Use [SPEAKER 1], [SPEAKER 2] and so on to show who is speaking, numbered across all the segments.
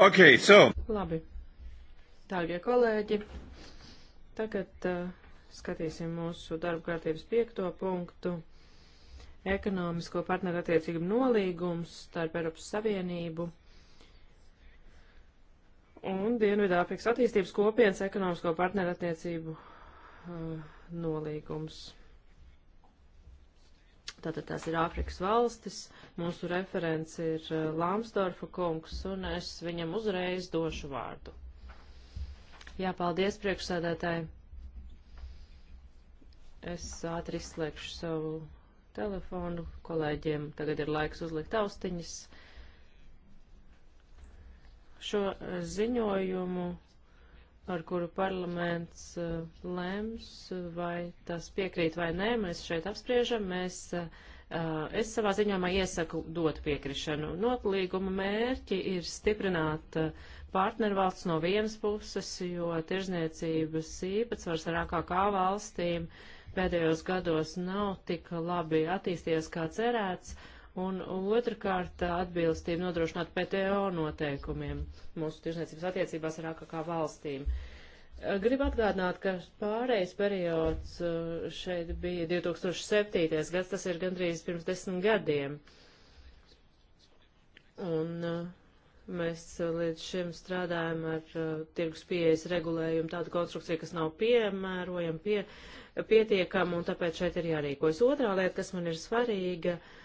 [SPEAKER 1] Okay, so.
[SPEAKER 2] Labi. Dārgie kolēģi, tagad uh, skatīsim mūsu darba kārtības piekto punktu. Ekonomisko partnerattiecību nolīgums starp Eiropas Savienību un Dienvidāfrikas attīstības kopienas ekonomisko partnerattiecību uh, nolīgums. Tātad tās ir Āfrikas valstis, mūsu referents ir eh, Lāmsdorfa kungs, un es viņam uzreiz došu vārdu. Jā, paldies priekšsēdētāji. Es ātri izslēgšu savu telefonu kolēģiem. Tagad ir laiks uzlikt austiņas. Šo eh, ziņojumu ar kuru parlaments eh, lems, vai tas piekrīt vai nē, mēs šeit apspriežam, mēs eh, es savā ziņojumā iesaku dot piekrišanu. Notlīguma mērķi ir stiprināt eh, partnervalsts no vienas puses, jo tirzniecības īpatsvars ar AKK valstīm pēdējos gados nav tik labi attīstījies kā cerēts, un otrkārt atbilstību nodrošināt PTO noteikumiem mūsu tirsniecības attiecībās ar AKK valstīm. Gribu atgādināt, ka pārējais periods uh, šeit bija 2007. gads, tas ir gandrīz pirms desmit gadiem. Un uh, mēs uh, līdz šim strādājam ar tirgus pieejas regulējumu tādu konstrukciju, kas nav piemērojama, pie, pietiekama, un tāpēc šeit ir jārīkojas. Otrā lieta, kas man ir svarīga, uh,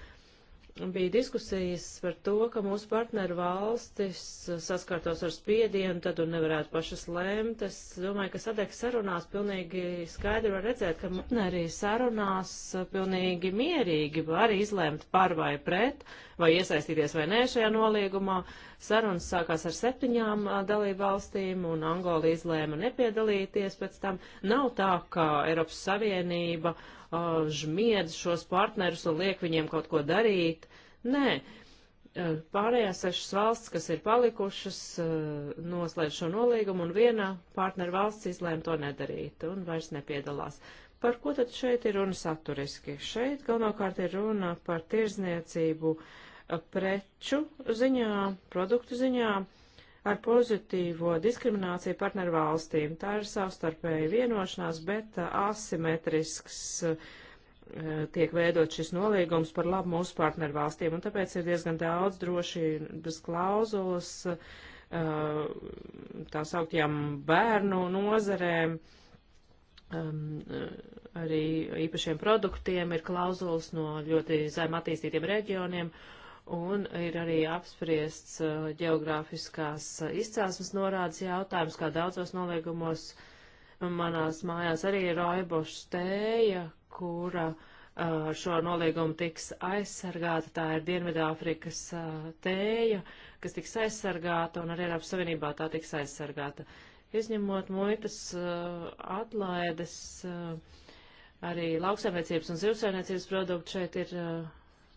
[SPEAKER 2] bija diskusijas par to, ka mūsu partneru valstis saskārtos ar spiedienu, tad un nevarētu pašas lēmt. Es domāju, ka sadeks sarunās pilnīgi skaidri var redzēt, ka partneri sarunās pilnīgi mierīgi var izlēmt par vai pret, vai iesaistīties vai nē šajā noliegumā. Sarunas sākās ar septiņām dalību valstīm, un Angola izlēma nepiedalīties pēc tam. Nav tā, ka Eiropas Savienība uh, žmiedz šos partnerus un liek viņiem kaut ko darīt. Nē, uh, pārējās sešas valsts, kas ir palikušas, uh, noslēdz šo nolīgumu un viena partneru valsts izlēma to nedarīt un vairs nepiedalās. Par ko tad šeit ir runa saturiski? Šeit galvenokārt ir runa par tirzniecību preču ziņā, produktu ziņā, uh, ar pozitīvo diskrimināciju partneru valstīm. Tā ir savstarpēji vienošanās, bet uh, asimetrisks uh, tiek veidot šis nolīgums par labu mūsu partneru valstīm, un tāpēc ir diezgan daudz drošības klauzulas uh, tā sauktiem bērnu nozarēm, um, arī īpašiem produktiem ir klauzulas no ļoti zem attīstītiem reģioniem, un ir arī apspriests uh, geogrāfiskās uh, izcelsmes norādes jautājums, kā daudzos noliegumos manās mājās arī ir roibošs tēja, kura uh, šo noliegumu tiks aizsargāta. Tā ir Dienvidāfrikas uh, tēja, kas tiks aizsargāta, un arī Eiropas Savienībā tā tiks aizsargāta. Izņemot muitas uh, atlaides, uh, arī lauksaimniecības un zivsaimniecības produkti šeit ir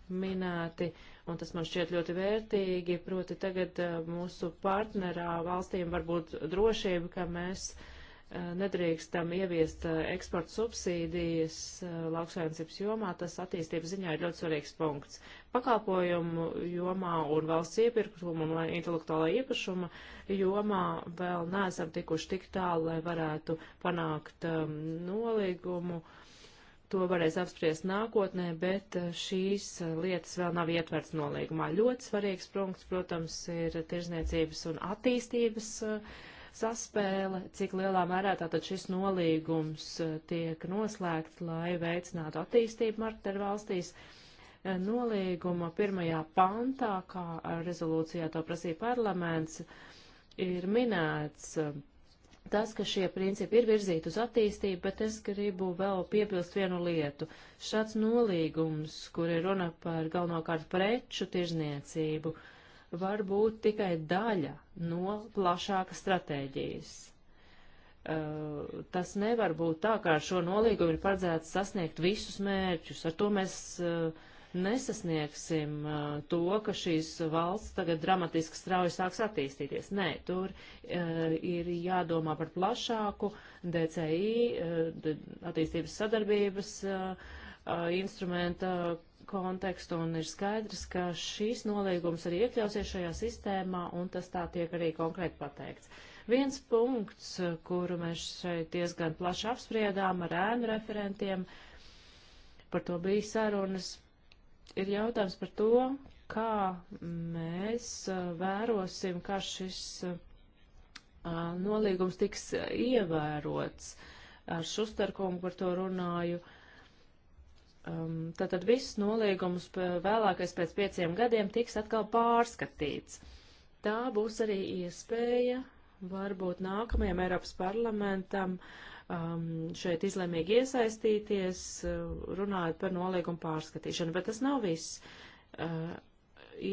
[SPEAKER 2] minēti, un tas man šķiet ļoti vērtīgi, proti tagad eh, mūsu partnerā valstīm var būt drošība, ka mēs eh, nedrīkstam ieviest eh, eksporta subsīdijas lauksaimniecības jomā, tas attīstības ziņā ir ļoti svarīgs punkts. Pakalpojumu jomā un valsts iepirkuma un intelektuālā īpašuma jomā vēl neesam tikuši tik tālu, lai varētu panākt um, nolīgumu uh, To varēs apspriest nākotnē, bet eh, šīs eh, lietas vēl nav ietverts nolīgumā. Ļoti svarīgs punkts, protams, ir tirzniecības un attīstības eh, saspēle, cik lielā mērā tātad šis nolīgums tiek noslēgts, lai veicinātu attīstību marketeru valstīs. Nolīguma pirmajā pantā, kā rezolūcijā to prasīja parlaments, ir minēts tas, ka šie principi ir virzīti uz attīstību, bet es gribu vēl piebilst vienu lietu. Šāds nolīgums, kur ir runa par galvenokārt preču tirzniecību, var būt tikai daļa no plašākas stratēģijas. Uh, tas nevar būt tā, kā ar šo nolīgumu ir paredzēts sasniegt visus mērķus. Ar to mēs uh, nesasniegsim uh, to, ka šīs valsts tagad dramatiski strauji sāks attīstīties. Nē, tur uh, ir jādomā par plašāku DCI, uh, attīstības sadarbības uh, uh, instrumenta kontekstu, un ir skaidrs, ka šīs nolīgums arī iekļausies šajā sistēmā, un tas tā tiek arī konkrēti pateikts. Viens punkts, kuru mēs šeit diezgan plaši apspriedām ar ēnu referentiem, par to bija sarunas, ir jautājums par to, kā mēs vērosim, kā šis nolīgums tiks ievērots. Ar Šusterkungu par to runāju. Um, tātad viss nolīgums vēlākais pēc pieciem gadiem tiks atkal pārskatīts. Tā būs arī iespēja varbūt nākamajam Eiropas parlamentam uh, um, šeit izlēmīgi iesaistīties, uh, runājot par noliegumu pārskatīšanu, bet tas nav viss. Uh,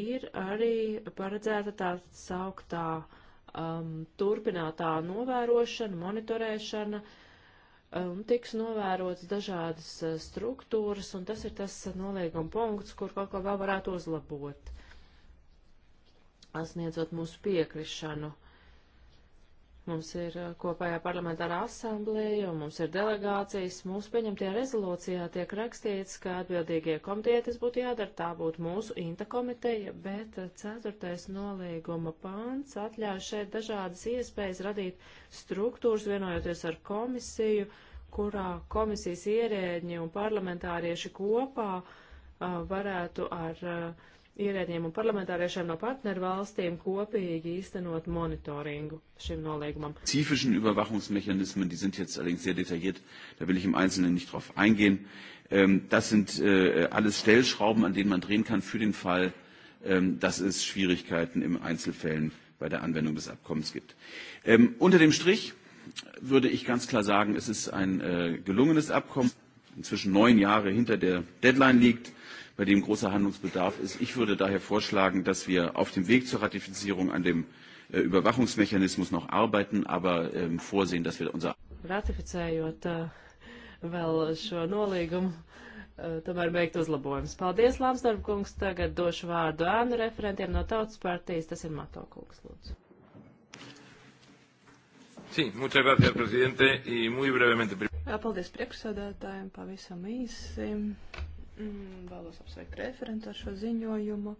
[SPEAKER 2] ir arī paredzēta tā sauktā um, turpinātā novērošana, monitorēšana, un um, tiks novērots dažādas uh, struktūras, un tas ir tas uh, nolieguma punkts, kur kaut ko vēl varētu uzlabot, sniedzot mūsu piekrišanu. Uh, Mums ir uh, kopējā parlamentārā asamblēja un mums ir delegācijas. Mūsu pieņemtajā rezolūcijā tiek rakstīts, ka atbildīgie komiteja tas būtu jādara, tā būtu mūsu inta komiteja, bet uh, ceturtais nolīguma pants atļauj šeit dažādas iespējas radīt struktūras, vienojoties ar komisiju, kurā komisijas ierēģi un parlamentārieši kopā uh, varētu ar uh, ierēģiem un parlamentāriešiem no partneru valstīm kopīgi īstenot monitoringu šim nolīgumam. Spezifischen
[SPEAKER 1] Überwachungsmechanismen, die sind jetzt allerdings sehr detailliert, da will ich im Einzelnen nicht drauf eingehen. Ähm, das sind äh, alles Stellschrauben, an denen man drehen kann für den Fall, ähm, dass es Schwierigkeiten im Einzelfällen bei der Anwendung des Abkommens gibt. Ähm, unter dem Strich würde ich ganz klar sagen, es ist ein äh, gelungenes Abkommen, inzwischen neun Jahre hinter der Deadline liegt bei dem großer Handlungsbedarf ist. Ich würde daher vorschlagen, dass wir auf dem Weg zur Ratifizierung an dem äh, Überwachungsmechanismus noch arbeiten, aber ähm, vorsehen,
[SPEAKER 2] dass wir unser Ratificējot äh, vēl šo nolīgumu, uh, tomēr veikt uzlabojumus. Paldies, Lamsdarb kungs. Tagad došu vārdu ēnu referentiem no Tautas partijas. Tas ir Mato kungs, lūdzu. Sí, muchas gracias, presidente, y muy brevemente.
[SPEAKER 3] Jā, paldies priekšsēdētājiem, pavisam īsi. Mm, vēlos apsveikt referentu ar šo ziņojumu.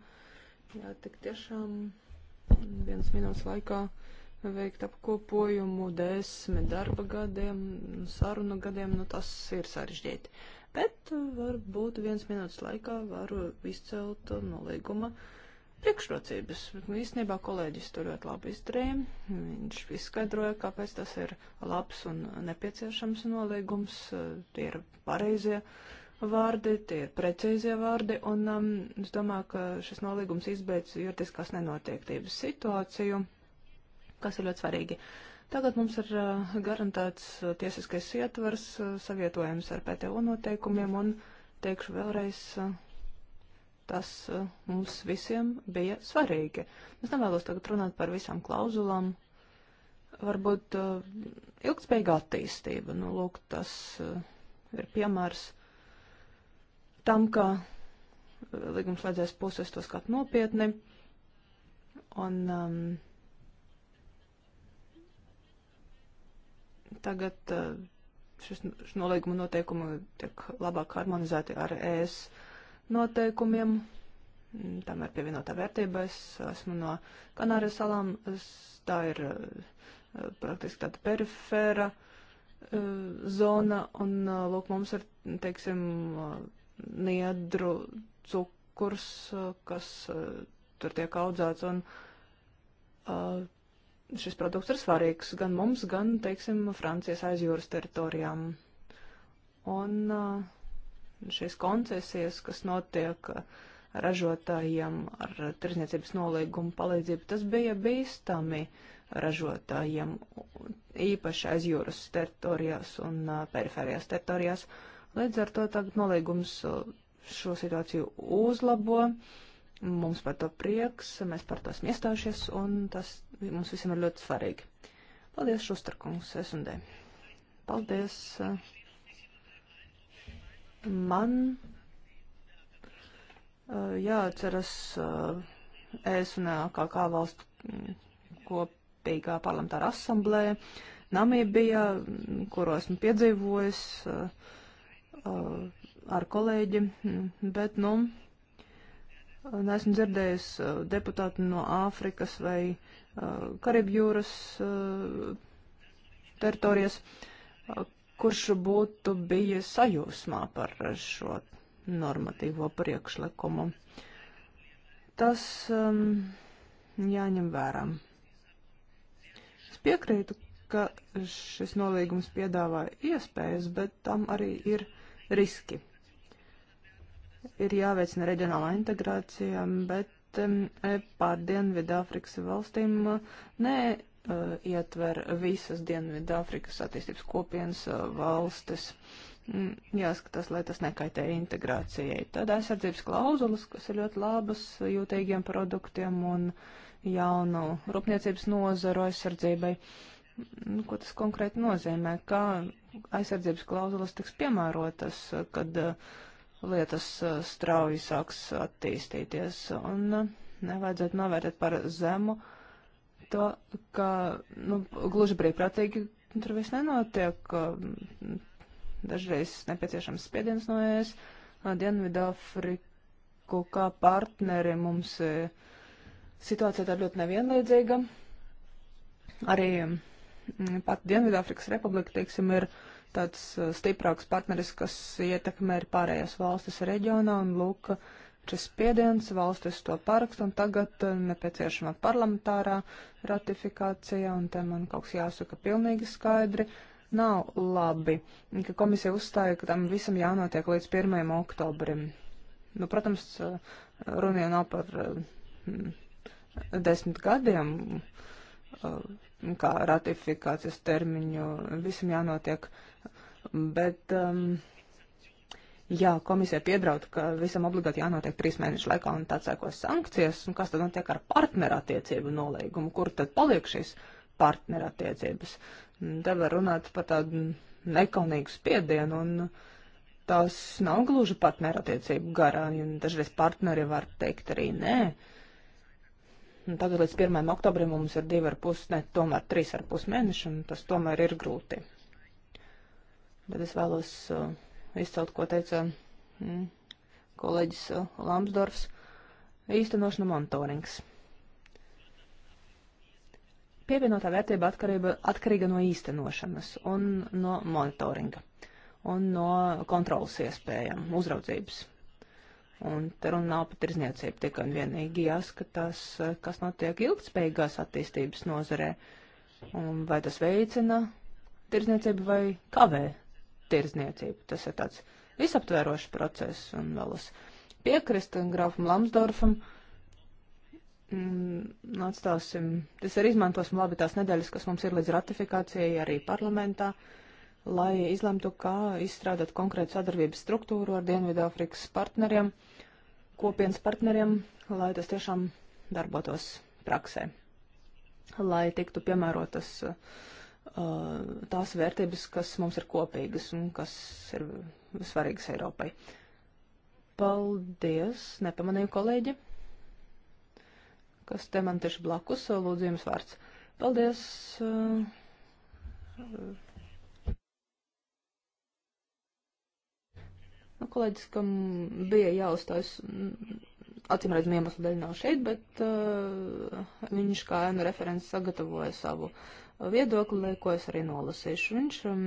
[SPEAKER 3] Jā, tik tiešām vienas minūtes laikā veikt apkopojumu desmit darba gadiem, sarunu gadiem, nu tas ir sarežģīti. Bet uh, varbūt viens minūtes laikā varu izcelt no līguma priekšrocības. Īstenībā kolēģis to ļoti labi izdarīja. Viņš izskaidroja, kāpēc tas ir labs un nepieciešams nolīgums, uh, tie ir pareizie. Ja vārdi, tie ir precīzie vārdi, un um, es domāju, ka šis nolīgums izbeidz juridiskās nenoteiktības situāciju, kas ir ļoti svarīgi. Tagad mums ir uh, garantēts uh, tiesiskais ietvars, uh, savietojums ar PTO noteikumiem, un teikšu vēlreiz, uh, tas uh, mums visiem bija svarīgi. Es nevēlos tagad runāt par visām klauzulām. Varbūt uh, ilgspējīga attīstība, nu, lūk, tas uh, ir piemērs tam, ka uh, līgumslēdzēs puses to skat nopietni. Un um, tagad uh, šis, šis nolīguma noteikumi tiek labāk harmonizēti ar ES noteikumiem. Mm, tam ir pievienotā vērtība. Es esmu no Kanāras salām. Es, tā ir uh, praktiski tāda perifēra uh, zona. Un, uh, lūk, mums ir, teiksim, uh, niedru cukurs, kas eh, tur tiek audzēts. Un eh, šis produkts ir svarīgs gan mums, gan, teiksim, Francijas aizjūras teritorijām. Un eh, šīs koncesijas, kas notiek ražotājiem ar tirzniecības nolīgumu palīdzību, tas bija bīstami ražotājiem, īpaši aizjūras teritorijās un periferijās teritorijās. Uh, Līdz ar to tagad nolīgums uh, šo situāciju uzlabo. Mums par to prieks, mēs par to esam iestājušies, un tas mums visiem ir ļoti svarīgi. Paldies, Šusterkungs, S&D. Paldies. Man uh, jāatceras uh, es un AKK valstu mm, kopīgā parlamentāra asamblēja Namībijā, mm, kuro esmu piedzīvojis. Uh, Uh, ar kolēģi, mm, bet, nu, Esmu dzirdējis uh, deputātu no Āfrikas vai uh, Karību jūras uh, teritorijas, uh, kurš būtu bijis sajūsmā par šo normatīvo priekšlikumu. Tas um, jāņem vērā. Es piekrītu, ka šis nolīgums piedāvā iespējas, bet tam arī ir riski. Ir jāveicina reģionālā integrācija, bet um, pār Dienvidāfrikas valstīm uh, ne uh, ietver visas Dienvidāfrikas attīstības kopienas uh, valstis. Mm, jāskatās, lai tas nekaitē integrācijai. Tad aizsardzības klauzulas, kas ir ļoti labas jūtīgiem produktiem un jaunu rūpniecības nozaru aizsardzībai. Uh, nu, ko tas konkrēti nozīmē, kā aizsardzības klauzulas tiks piemērotas, kad uh, lietas uh, strauji sāks attīstīties. Un uh, nevajadzētu novērtēt par zemu to, ka nu, gluži brīvprātīgi tur viss nenotiek. Dažreiz nepieciešams spiediens no ēs. Dienvidāfriku kā partneri mums situācija tā ļoti nevienlīdzīga. Arī Mm, pat Dienvidāfrikas Republika, teiksim, ir tāds uh, stiprāks partneris, kas ietekmē arī pārējās valstis reģionā, un lūk, šis spiediens valstis to parakst, un tagad uh, nepieciešama parlamentārā ratifikācija, un te man kaut kas jāsaka pilnīgi skaidri. Nav labi, ka komisija uzstāja, ka tam visam jānotiek līdz 1. oktobrim. Nu, protams, uh, runa jau nav par mm, desmit gadiem, uh, Um, kā ratifikācijas termiņu, visam jānotiek. Bet, um, jā, komisija piedraud, ka visam obligāti jānotiek trīs mēnešu laikā un tā cēkos sankcijas, un kas tad notiek ar partnerattiecību nolīgumu, kur tad paliek šīs partnerattiecības. Te var runāt par tādu nekaunīgu spiedienu, un tās nav gluži partnerattiecību garā, un dažreiz partneri var teikt arī nē. Uh, Un nu, tagad līdz 1. oktobrim mums ir 2,5, ne, tomēr 3,5 mēneši, un tas tomēr ir grūti. Bet es vēlos uh, izcelt, ko teica mm, kolēģis uh, Lambsdorfs - īstenošana monitorings. Pievienotā vērtība atkarība, atkarīga no īstenošanas un no monitoringa un no kontrolas iespējām, uzraudzības Un te runa nav par tirzniecību, tikai un vienīgi jāskatās, eh, kas notiek ilgtspējīgās attīstības nozarē. Un vai tas veicina tirzniecību vai kavē tirzniecību. Tas ir tāds visaptvērošs process un vēl es piekrist grafam Lamsdorfam. Mm, nu, atstāsim, tas arī izmantosim labi tās nedēļas, kas mums ir līdz ratifikācijai arī parlamentā. Uh, lai izlemtu, kā izstrādāt konkrētu sadarbības struktūru ar Dienvidāfrikas partneriem, kopienas partneriem, lai tas tiešām darbotos praksē, lai tiktu piemērotas uh, tās vērtības, kas mums ir kopīgas un kas ir svarīgas Eiropai. Paldies, nepamanīju kolēģi, kas te man tieši blakus, lūdzu jums vārds. Paldies. Uh, Nu, kolēģis, kam bija jāuzstājas, mm, acīm redzam, iemeslu dēļ nav šeit, bet uh, viņš kā ēnu referents sagatavoja savu viedokli, ko es arī nolasīšu. Viņš um,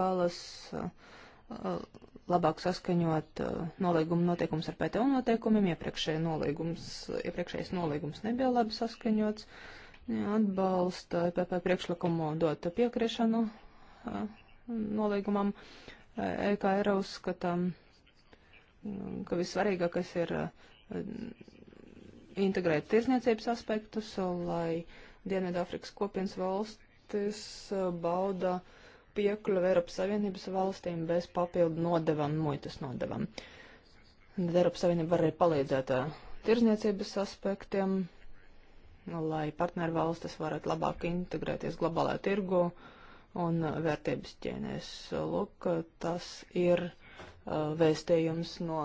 [SPEAKER 3] vēlas uh, labāk saskaņot uh, nolīguma noteikums ar PTO noteikumiem. Iepriekšējais nolīgums, iepriekšējais nolīgums nebija labi saskaņots. Atbalsta PP priekšlikumu dot piekrišanu uh, nolīgumam. Uh, EKR uzskatām, mm, ka vissvarīgākais ir mm, integrēt tirzniecības aspektus, lai Dienvidāfrikas kopienas valstis mm, bauda piekļuvi Eiropas Savienības valstīm bez papildu nodevam, muitas nodevam. Tad Eiropas Savienība var arī palīdzēt tirzniecības aspektiem, lai partneru valstis varētu labāk integrēties globālajā tirgu. Uh, un vērtības ķēnēs. Lūk, tas ir uh, vēstījums no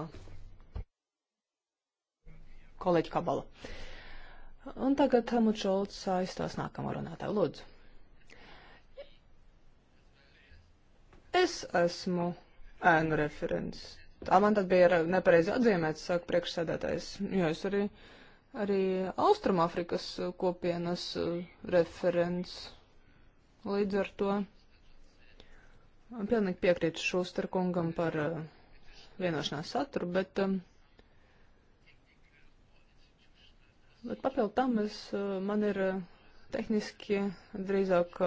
[SPEAKER 3] kolēģa Kabala. Un tagad Helmut Šolts aizstās nākamā runātāja. Lūdzu. Es esmu ēnu referents. Tā man tad bija nepareizi atzīmēts, saka priekšsēdētājs, jo es arī, arī Austrumāfrikas kopienas uh, referents. Līdz ar to pilnīgi piekrītu Šusterkungam par eh, vienošanās saturu, bet, eh, bet papildu tam es, eh, man ir tehniski drīzāk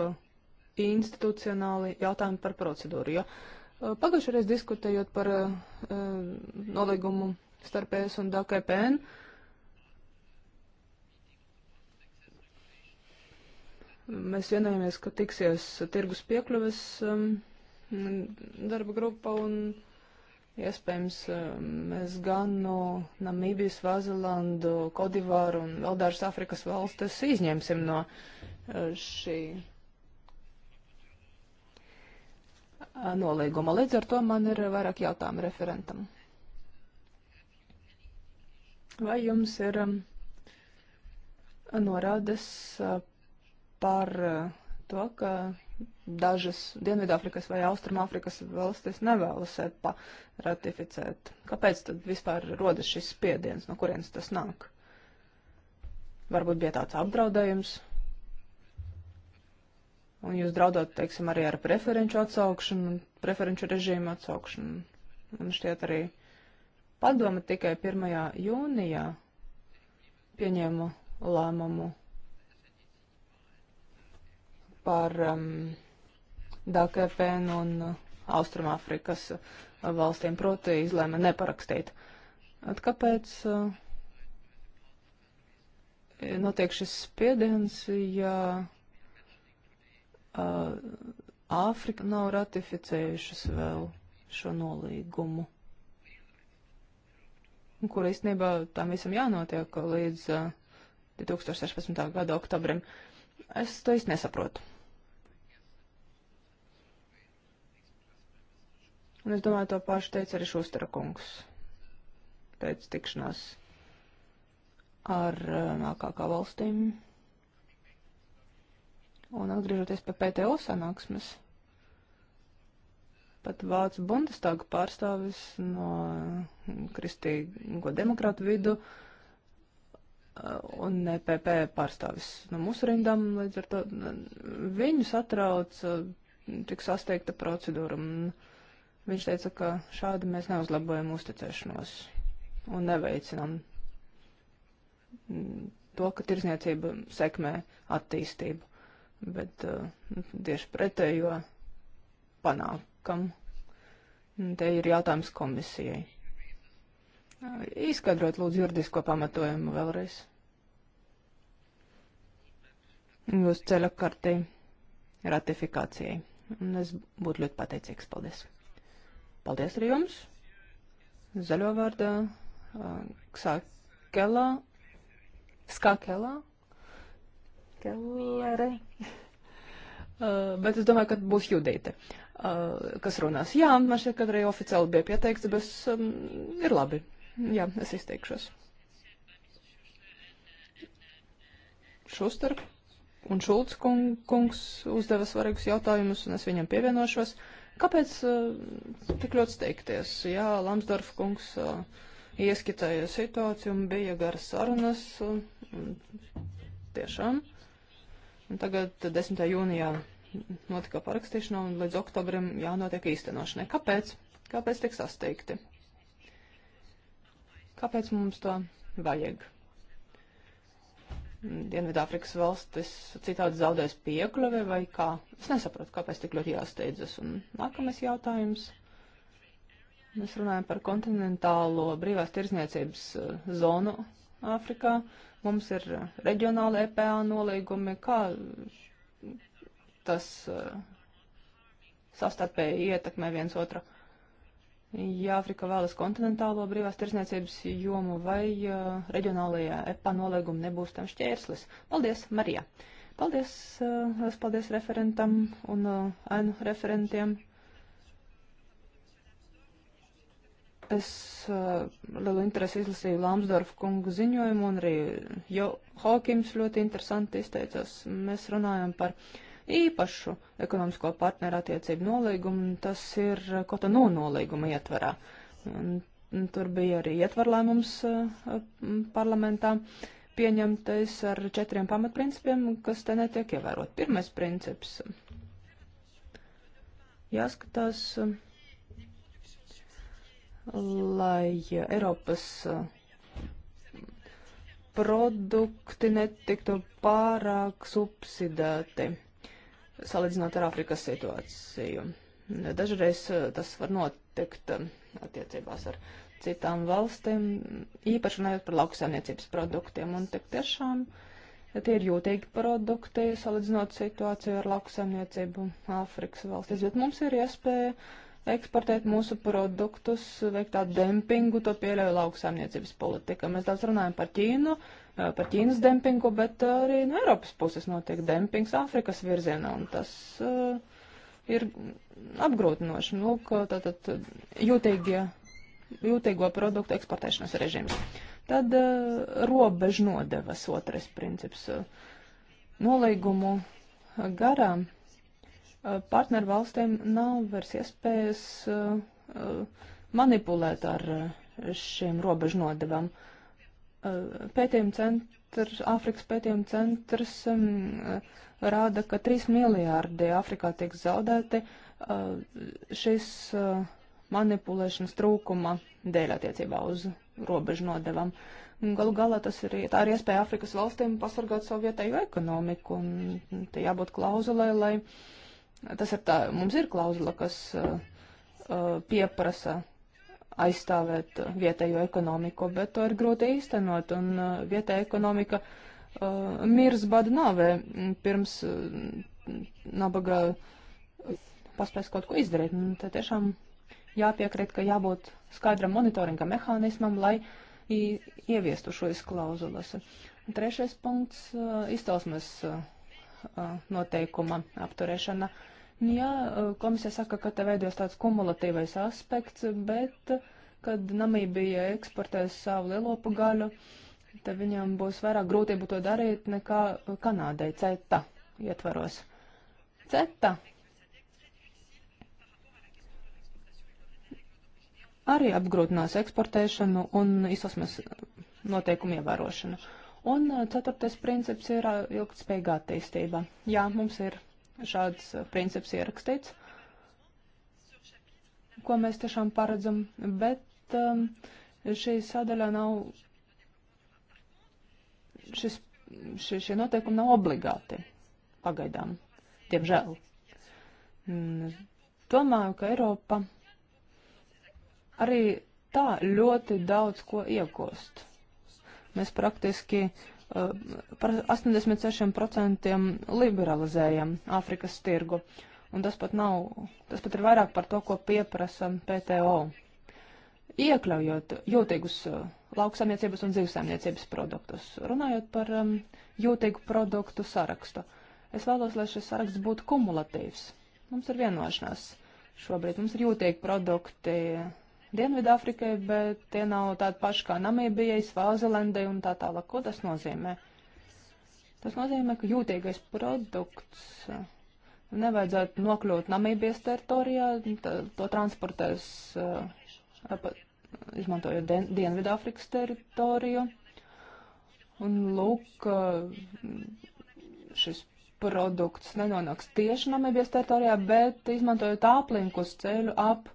[SPEAKER 3] institucionāli jautājumi par procedūru, jo pagājušajā reiz diskutējot par nolīgumu starp ES un DKPN, uh, Mēs vienojamies, ka tiksies tirgus piekļuves um, darba grupa un iespējams um, mēs gan no Namībijas, Vazelandu, Kodivāru un vēl dažas Afrikas valstis izņemsim no uh, šī uh, nolīguma. Līdz ar to man ir vairāk jautājumu referentam. Vai jums ir um, norādes uh, par eh, to, ka dažas Dienvidāfrikas vai Austrumāfrikas valstis nevēlas EPA ratificēt. Kāpēc tad vispār rodas šis spiediens, no kurienes tas nāk? Varbūt bija tāds apdraudējums. Un jūs draudot, teiksim, arī ar preferenču atsaukšanu, preferenču režīmu atsaukšanu. Man šķiet arī padoma tikai 1. jūnijā pieņēma lēmumu par um, Dakēpēnu un uh, Austrumāfrikas uh, valstīm, proti izlēma neparakstīt. At kāpēc uh, notiek šis spiediens, ja uh, Āfrika uh, nav ratificējušas vēl šo nolīgumu? kur īstenībā tam visam jānotiek līdz uh, 2016. gada oktobrim. Es to īsti nesaprotu. Un es domāju, to pašu teica arī Šustara kungs pēc tikšanās ar eh, AKK valstīm. Un atgriežoties pie PTO sanāksmes, pat Vācu Bundestāga pārstāvis no kristīgo demokrātu vidu eh, un NPP pārstāvis no mūsu rindām, līdz ar to viņus atrauc eh, tik sasteigta procedūra. Un, Viņš teica, ka šādi mēs neuzlabojam uzticēšanos un neveicinam to, ka tirzniecība sekmē attīstību, bet uh, tieši pretējo panākam. Te ir jautājums komisijai. Uh, Izskaidrot lūdzu juridisko pamatojumu vēlreiz. Jūsu ceļa kartei ratifikācijai. Un es būtu ļoti pateicīgs. Paldies! Paldies arī jums. Zaļo vārdā Ksakela, Skakela, Kellere. Bet es domāju, ka būs Judīte, kas runās. Jā, man šķiet, ka arī oficiāli bija pieteikts, bet um, ir labi. Jā, es izteikšos. Šuster un Šulc kungs uzdeva svarīgus jautājumus, un es viņam pievienošos. Uh, Kāpēc uh, tik ļoti steigties? Jā, Lamsdorf kungs uh, ieskicēja situāciju un bija garas sarunas. Uh, tiešām. Un tagad 10. jūnijā notika parakstīšana un līdz oktobrim jānotiek īstenošanai. Kāpēc? Kāpēc tik sasteigti? Kāpēc mums to vajag? Dienvidāfrikas valstis citādi zaudēs piekļuvi vai kā? Es nesaprotu, kāpēc tik ļoti jāsteidzas. Un nākamais jautājums. Mēs runājam par kontinentālo brīvās tirzniecības eh, zonu Āfrikā. Mums ir eh, reģionāla e EPA nolīgumi. Kā tas eh, sastarpēji ietekmē viens otru? ja Afrika vēlas kontinentālo brīvās tirsniecības jomu vai uh, reģionālajā EPA nolēguma nebūs tam šķērslis. Paldies, Marija! Paldies, uh, paldies referentam un uh, eh, ainu referentiem. Es uh, lielu interesi izlasīju Lamsdorfa kungu ziņojumu un arī Jo Hawkins ļoti interesanti izteicās. Mēs runājam par uh, īpašu ekonomisko partneru attiecību nolīgumu, un tas ir Kotonu nolīguma ietvarā. Un, un tur bija arī ietvarlēmums uh, parlamentā pieņemtais ar četriem pamatprincipiem, kas te netiek ievērot. Pirmais princips jāskatās, lai Eiropas uh, produkti netiktu pārāk subsidēti salīdzinot ar Āfrikas situāciju. Dažreiz eh, tas var notikt eh, attiecībās ar citām valstīm, īpaši runājot par lauksaimniecības produktiem. Un tik tiešām tie ir jūtīgi produkti, salīdzinot situāciju ar lauksaimniecību Āfrikas valstīs. Bet mums ir iespēja eksportēt mūsu produktus, veikt tādu dempingu, to pieļauj lauksaimniecības politika. Mēs daudz runājam par Ķīnu, par Ķīnas dempingu, bet arī no Eiropas puses notiek dempings Āfrikas virzienā, un tas uh, ir apgrūtinoši. Nu, lūk, tātad jūtīgie, jūtīgo produktu eksportēšanas režīms. Tad uh, robežu nodevas otrais princips. Nolīgumu garām partneru valstīm nav vairs iespējas manipulēt ar šiem robežu nodevam. Uh, Eh, pētījuma centrs, Āfrikas pētījuma centrs um, rāda, ka 3 miljārdi Āfrikā tiek zaudēti uh, šis uh, manipulēšanas trūkuma dēļ attiecībā uz robežu nodevam. Galu galā tas ir, tā ir iespēja Āfrikas valstīm pasargāt savu vietējo ekonomiku, un te jābūt klauzulai, lai tas ir tā, mums ir klauzula, kas uh, pieprasa aizstāvēt uh, vietējo ekonomiku, bet to ir grūti īstenot, un uh, vietēja ekonomika uh, mirs bada nāvē pirms uh, nabaga uh, paspēs kaut ko izdarīt. Un te tiešām jāpiekrīt, ka jābūt skaidram monitoringa mehānismam, lai ieviestu šo izklauzulas. Trešais punkts uh, - izcelsmes noteikuma apturēšana. Uh, Nu jā, eh, komisija saka, ka te veidojas tāds kumulatīvais aspekts, bet eh, kad Namībija eksportēs savu lielopu gaļu, tad viņam būs vairāk grūtību to darīt nekā Kanādai CETA ietvaros. CETA arī apgrūtinās eksportēšanu un izsasmes noteikumu ievērošanu. Un eh, ceturtais princips ir ilgtspējīga attīstība. Jā, mums ir šāds eh, princips ierakstīts, ko mēs tiešām paredzam, bet um, šī sadaļa nav, šis, šie, šie noteikumi nav obligāti pagaidām, diemžēl. Mm, domāju, ka Eiropa arī tā ļoti daudz ko iegūst. Mēs praktiski uh, Uh, par 86% liberalizējam Āfrikas tirgu. Un tas pat nav, tas pat ir vairāk par to, ko pieprasa PTO. Iekļaujot jūtīgus uh, lauksaimniecības un dzīvesaimniecības produktus, runājot par um, jūtīgu produktu sarakstu, es vēlos, lai šis saraksts būtu kumulatīvs. Mums ir vienošanās šobrīd, mums ir jūtīgi produkti, Dienvidāfrikai, bet tie nav tādi paši kā Namībijai, Svāzelendai un tā tālāk. Ko tas nozīmē? Tas nozīmē, ka jūtīgais produkts nevajadzētu nokļūt Namībijas teritorijā, to transportēs, uh, izmantojot Dienvidāfrikas teritoriju. Un lūk, uh, šis produkts nenonāks tieši Namībijas teritorijā, bet izmantojot aplinkus ceļu ap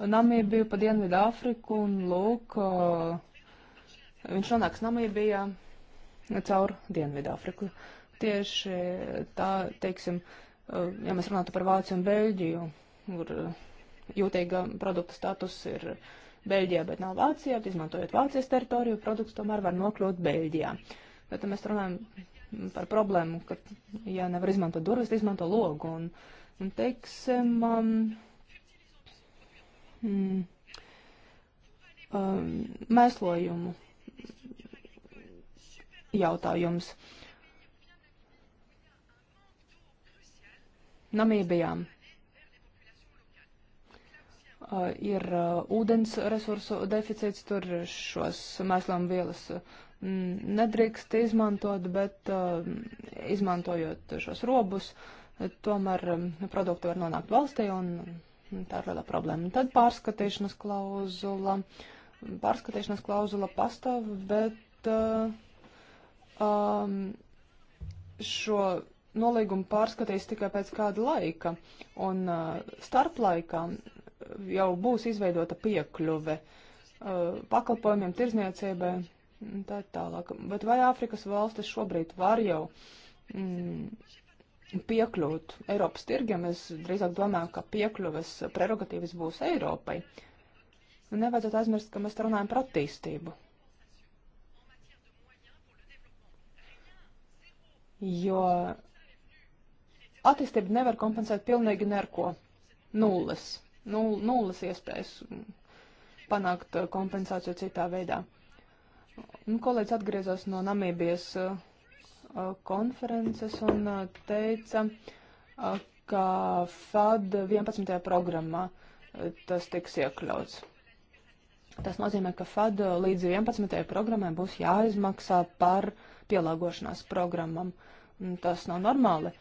[SPEAKER 3] Namībiju pa Dienvidu Āfriku un lūk, uh, viņš nonāks Namībijā caur Dienvidu Āfriku. Tieši tā, teiksim, uh, ja mēs runātu par Vāciju un Beļģiju, kur uh, jūtīga produkta status ir Beļģijā, bet nav Vācijā, tad izmantojot Vācijas teritoriju, produkts tomēr var nokļūt Beļģijā. Bet mēs runājam par problēmu, ka, ja nevar izmantot durvis, izmanto logu. Un, un teiksim, um, mm, um, mēslojumu jautājums. Namībijā uh, ir uh, ūdens resursu deficīts, tur šos mēslām vielas mm, nedrīkst izmantot, bet uh, izmantojot šos robus, tomēr um, produkti var nonākt valstī un Tā ir liela problēma. Tad pārskatīšanas klauzula. Pārskatīšanas klauzula pastāv, bet uh, um, šo nolīgumu pārskatīs tikai pēc kāda laika. Un uh, starplaikā jau būs izveidota piekļuve uh, pakalpojumiem, tirzniecībai un tā tālāk. Bet vai Āfrikas valstis šobrīd var jau mm, piekļūt Eiropas tirgiem. Es drīzāk domāju, ka piekļuves prerogatīvas būs Eiropai. Un nu, nevajadzētu aizmirst, ka mēs te runājam par attīstību. Jo attīstību nevar kompensēt pilnīgi nerko. Nulles. Nul, nulles iespējas panākt kompensāciju citā veidā. Un kolēģis atgriezās no Namībijas uh, Uh, konferences un uh, teica, uh, ka FAD 11. programmā tas tiks iekļauts. Tas nozīmē, ka FAD līdz 11. programmai būs jāizmaksā par pielāgošanās programmam. Tas nav normāli.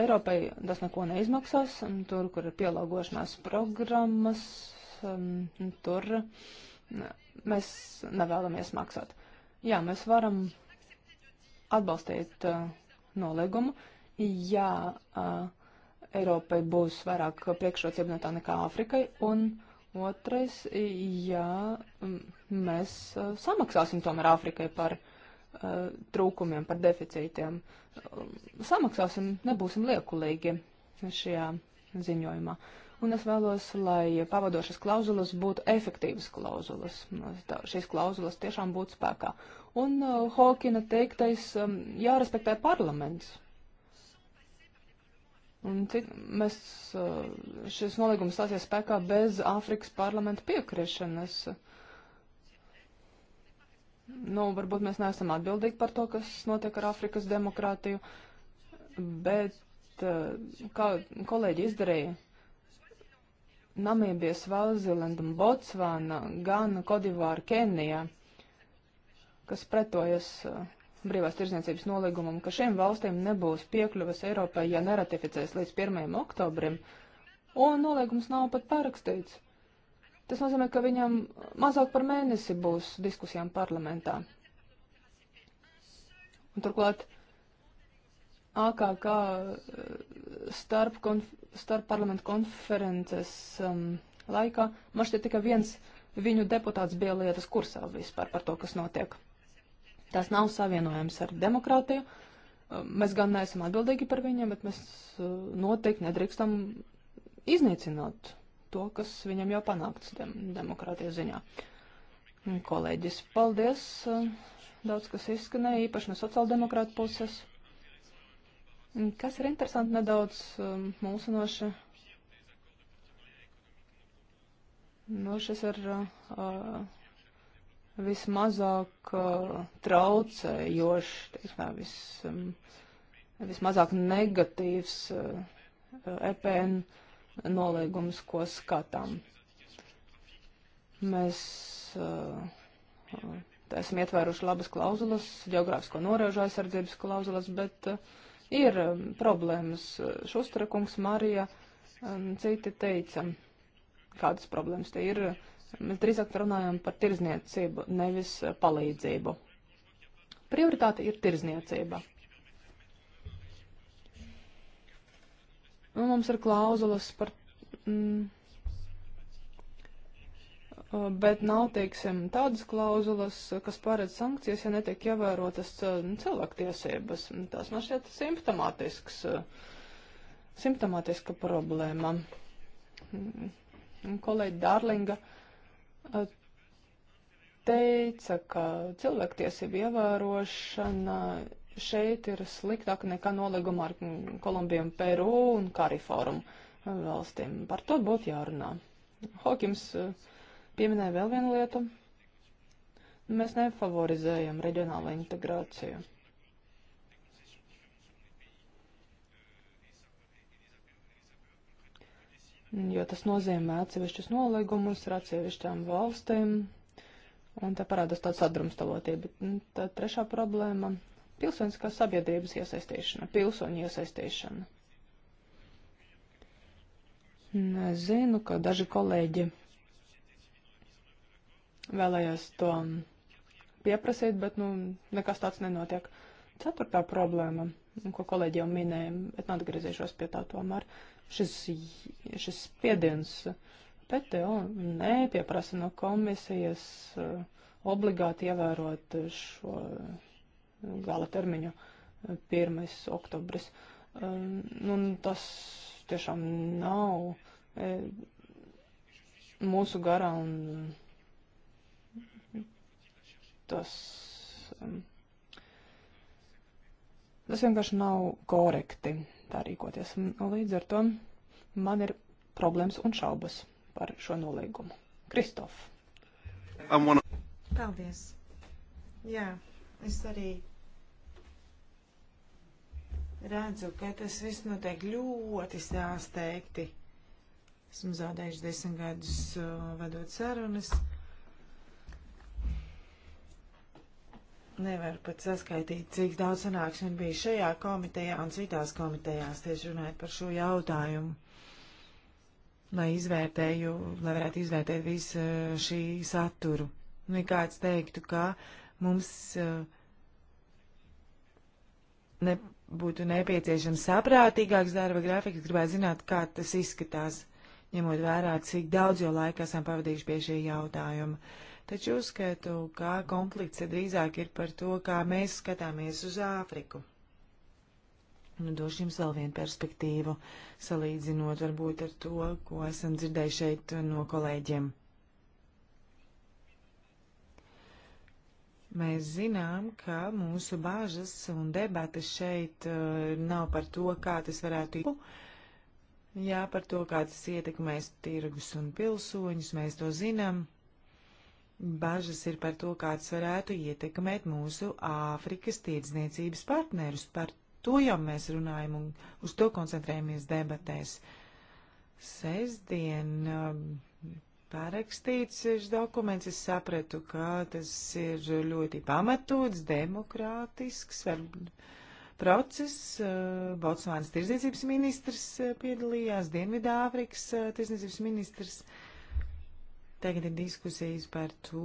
[SPEAKER 3] Eiropai tas neko neizmaksās, un tur, kur ir pielāgošanās programmas, um, tur mēs nevēlamies maksāt. Jā, mēs varam atbalstīt uh, noliegumu, ja uh, Eiropai būs vairāk priekšrocība no tā nekā Āfrikai, un otrais, ja mēs uh, samaksāsim tomēr Āfrikai par trūkumiem, par deficītiem. Um, samaksāsim, nebūsim liekulīgi šajā ziņojumā. Un es vēlos, lai pavadošas klauzulas būtu efektīvas klauzulas. Šīs klauzulas tiešām būtu spēkā un uh, Hawkina teiktais um, jārespektē parlaments. Un cik mēs uh, šis nolīgums stāsies spēkā bez Āfrikas parlamenta piekrišanas? Nu, varbūt mēs neesam atbildīgi par to, kas notiek ar Āfrikas demokrātiju, bet, uh, kā kolēģi izdarīja, Namībija, Svalzilenda, Botsvāna, Gana, Kodivāra, Kenija – kas pretojas uh, brīvās tirzniecības nolīgumam, ka šīm valstīm nebūs piekļuvas Eiropai, ja neratificēs līdz 1. oktobrim, un nolīgums nav pat parakstīts. Tas nozīmē, ka viņam mazāk par mēnesi būs diskusijām parlamentā. Un turklāt AKK uh, starp, konf starp parlamentu konferences um, laikā man šķiet tikai viens viņu deputāts bija lietas kursā vispār par to, kas notiek. Tas nav savienojams ar demokrātiju. Um, mēs gan neesam atbildīgi par viņiem, bet mēs uh, noteikti nedrīkstam iznīcināt to, kas viņam jau panākts dem demokrātijas ziņā. Kolēģis, paldies! Uh, daudz kas izskanēja, īpaši no sociāldemokrāta puses. Kas ir interesanti nedaudz um, mūsinoši? Nu, šis ir uh, vismazāk uh, traucējošs, teiksim, vis, um, vismazāk negatīvs uh, EPN nolīgums, ko skatām. Mēs uh, esam ietvēruši labas klauzulas, geogrāfisko norēžu aizsardzības klauzulas, bet uh, ir um, problēmas. Šustrakungs, Marija, um, citi teica, kādas problēmas te ir. Uh, Mēs drīzāk runājam par tirzniecību, nevis palīdzību. Prioritāte ir tirzniecība. Un nu, mums ir klauzulas par. Mm, bet nav, teiksim, tādas klauzulas, kas paredz sankcijas, ja netiek ievērotas mm, cilvēktiesības. Tas man šķiet simptomātisks, simptomātiska problēma. Mm, kolēģi Dārlinga. Uh, teica, ka cilvēktiesība ievērošana šeit ir sliktāka nekā nolīgumā ar Kolumbiju un Peru un Kariforumu uh, valstīm. Par to būtu jārunā. Hokims uh, pieminēja vēl vienu lietu. Mēs nefavorizējam reģionālo integrāciju. jo tas nozīmē atsevišķus nolīgumus ar atsevišķām valstīm, un te parādās tāds sadrumstalotība. Tad nu, trešā problēma - pilsoniskās sabiedrības iesaistīšana, pilsoņu iesaistīšana. Es zinu, ka daži kolēģi vēlējās to pieprasīt, bet nu, nekas tāds nenotiek. Ceturtā problēma, ko kolēģi jau minēja, bet nu atgriezīšos pie tā tomēr. Uh, šis, šis spiediens PTO nepieprasa no komisijas uh, obligāti ievērot šo gala termiņu 1. Uh, oktobris. Nu, tas tiešām nav mūsu garā un tas, um, tas vienkārši nav korekti tā rīkoties. Līdz ar to man ir problēmas un šaubas par šo nolīgumu. Kristof. Wanna... Paldies. Jā, es arī
[SPEAKER 1] redzu, ka tas viss notiek ļoti sāsteikti. Esmu zaudējuši desmit gadus uh, vedot sarunas. Uh, nevaru pat saskaitīt, cik daudz sanāksmi bija šajā komitejā un citās komitejās tieši runājot par šo jautājumu. Lai izvērtēju, lai varētu izvērtēt visu eh, šī saturu. Nu, kāds teiktu, ka mums eh, ne, būtu nepieciešams saprātīgāks darba grafiks, gribētu zināt, kā tas izskatās, ņemot vērā, cik daudz jau laika esam pavadījuši pie šī jautājuma. Uh, Taču uzskatu, ka konflikts drīzāk ir par to, kā mēs skatāmies uz Āfriku. Nu, došu jums vēl vienu perspektīvu, salīdzinot varbūt ar to, ko esam dzirdējuši šeit no kolēģiem. Mēs zinām, ka mūsu bāžas un debatas šeit uh, nav par to, kā tas varētu būt. Jā, par to, kā tas ietekmēs tirgus un pilsoņus, mēs to zinām. Bažas ir par to, kāds varētu ietekmēt mūsu Āfrikas tirdzniecības partnerus. Par to jau mēs runājam un uz to koncentrējamies debatēs. Sesdien um, pārakstīts šis dokuments, es sapratu, ka tas ir ļoti pamatots, demokrātisks var, process. Uh, Botsvānas tirdzniecības ministrs piedalījās, Dienvidāfrikas tirdzniecības ministrs. Uh, Tagad ir diskusijas par to,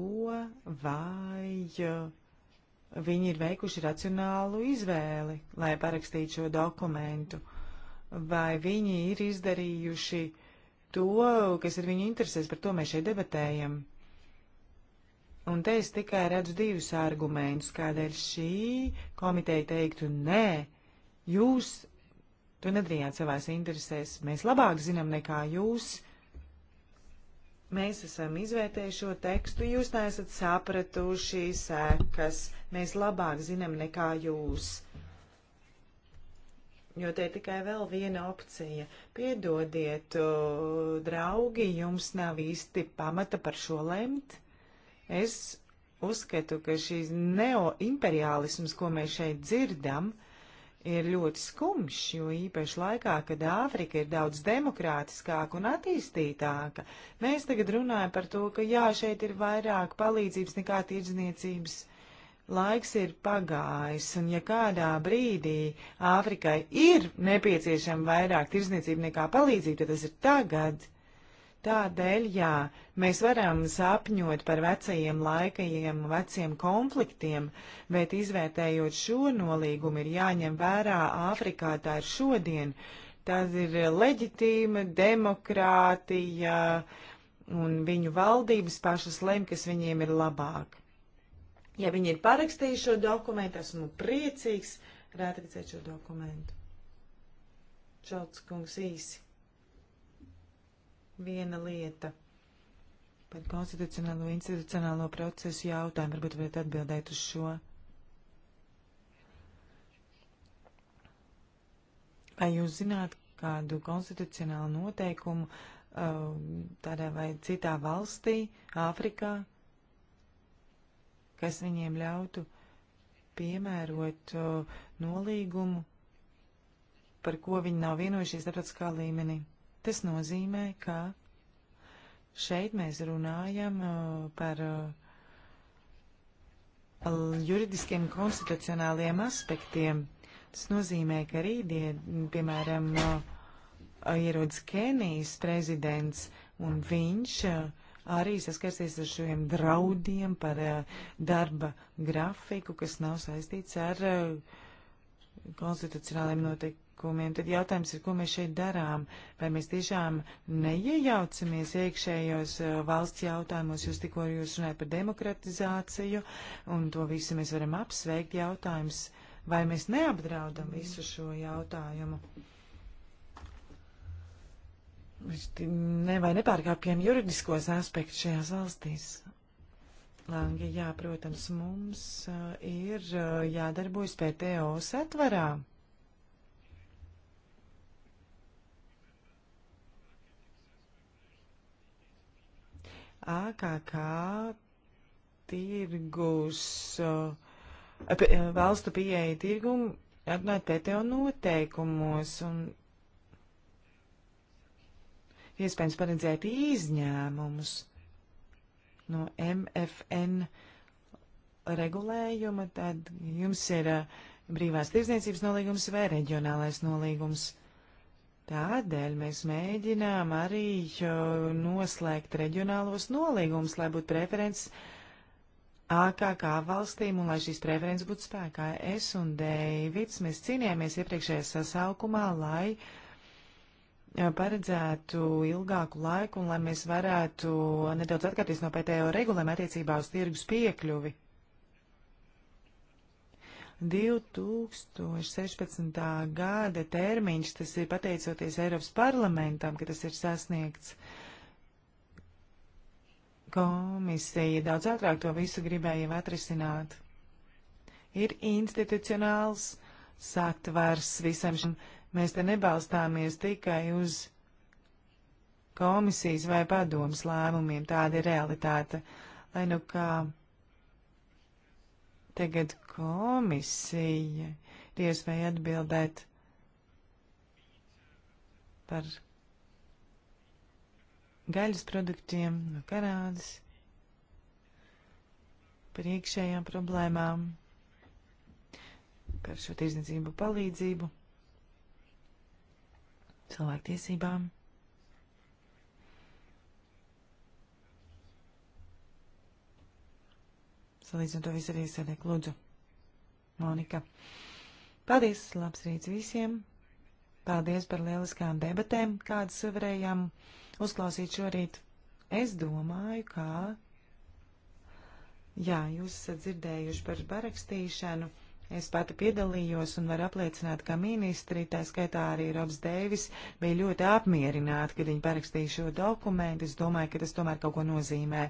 [SPEAKER 1] vai uh, viņi ir veikuši racionālu izvēli, lai parakstītu šo dokumentu, vai viņi ir izdarījuši to, kas ir viņu interesēs, par to mēs šeit debatējam. Un te es tikai redzu divus argumentus, kādēļ šī komiteja teiktu nē, jūs to nedarījāt savās interesēs, mēs labāk zinām nekā jūs Mēs esam izvērtējuši šo tekstu, jūs neesat sapratuši sēkas, mēs labāk zinām nekā jūs. Jo te ir tikai vēl viena opcija. Piedodiet, draugi, jums nav īsti pamata par šo lemt. Es uzskatu, ka šīs neoimperiālisms, ko mēs šeit dzirdam, ir ļoti skumjš, jo īpaši laikā, kad Āfrika ir daudz demokrātiskāka un attīstītāka, mēs tagad runājam par to, ka jā, šeit ir vairāk palīdzības nekā tirdzniecības. Laiks ir pagājis, un ja kādā brīdī Āfrikai ir nepieciešama vairāk tirdzniecība nekā palīdzība, tad tas ir tagad. Tādēļ, jā, mēs varam sapņot par vecajiem laikajiem, veciem konfliktiem, bet izvērtējot šo nolīgumu ir jāņem vērā Āfrikā tā ir šodien. Tās ir leģitīma demokrātija un viņu valdības pašas lem, kas viņiem ir labāk. Ja viņi ir parakstījuši šo dokumentu, esmu priecīgs ratificēt šo dokumentu. Čauts kungs īsi viena lieta par konstitucionālo un institucionālo procesu jautājumu. Varbūt varat atbildēt uz šo. Vai jūs zināt kādu konstitucionālu noteikumu um, tādā vai citā valstī, Āfrikā, kas viņiem ļautu piemērot uh, nolīgumu, par ko viņi nav vienojušies starptautiskā līmenī? Tas nozīmē, ka šeit mēs runājam uh, par uh, juridiskiem konstitucionāliem aspektiem. Tas nozīmē, ka rītdien, piemēram, uh, ierodas Kenijas prezidents un viņš arī saskarsies ar šiem draudiem par darba grafiku, kas nav saistīts ar konstitucionāliem noteikumiem noteikumiem, tad jautājums ir, ko mēs šeit darām. Vai mēs tiešām neiejaucamies iekšējos eh, valsts jautājumos, jūs tikko jūs runājat par demokratizāciju, un to visu mēs varam apsveikt jautājums, vai mēs neapdraudam visu šo jautājumu. Ne, vai nepārkāpjam juridiskos aspektus šajās valstīs? Langi, jā, protams, mums uh, ir uh, jādarbojas PTO satvarā. AKK tirgus, uh, uh, valstu pieeja tirgumu, atnāt PTO noteikumos un iespējams paredzēt izņēmumus no MFN regulējuma, tad jums ir uh, brīvās tirdzniecības nolīgums vai reģionālais nolīgums. Tādēļ mēs mēģinām arī noslēgt reģionālos nolīgumus, lai būtu preferences AKK valstīm un lai šīs preferences būtu spēkā. Es un Deivids, mēs cīnījāmies iepriekšējā sasaukumā, lai paredzētu ilgāku laiku un lai mēs varētu nedaudz atkarties no pētējo regulēm attiecībā uz tirgus piekļuvi. 2016. gada termiņš, tas ir pateicoties Eiropas parlamentam, ka tas ir sasniegts. Komisija daudz ātrāk to visu gribēja jau atrisināt. Ir institucionāls saktvars visam šim. Mēs te nebalstāmies tikai uz komisijas vai padomas lēmumiem. Tāda ir realitāte. Lai nu kā tagad Komisija ir iespēja atbildēt par gaļas produktiem no Kanādas, par iekšējām problēmām, par šo tirdzniecību palīdzību, cilvēktiesībām. Salīdzinot to visu arī sēdēk lūdzu. Monika. Paldies, labs rīts visiem! Paldies par lieliskām debatēm, kādas varējām uzklausīt šorīt. Es domāju, ka, jā, jūs esat dzirdējuši par parakstīšanu. Es pati piedalījos un varu apliecināt, ka ministri, tā skaitā arī Robs Deivis, bija ļoti apmierināti, kad viņi parakstīja šo dokumentu. Es domāju, ka tas tomēr kaut ko nozīmē.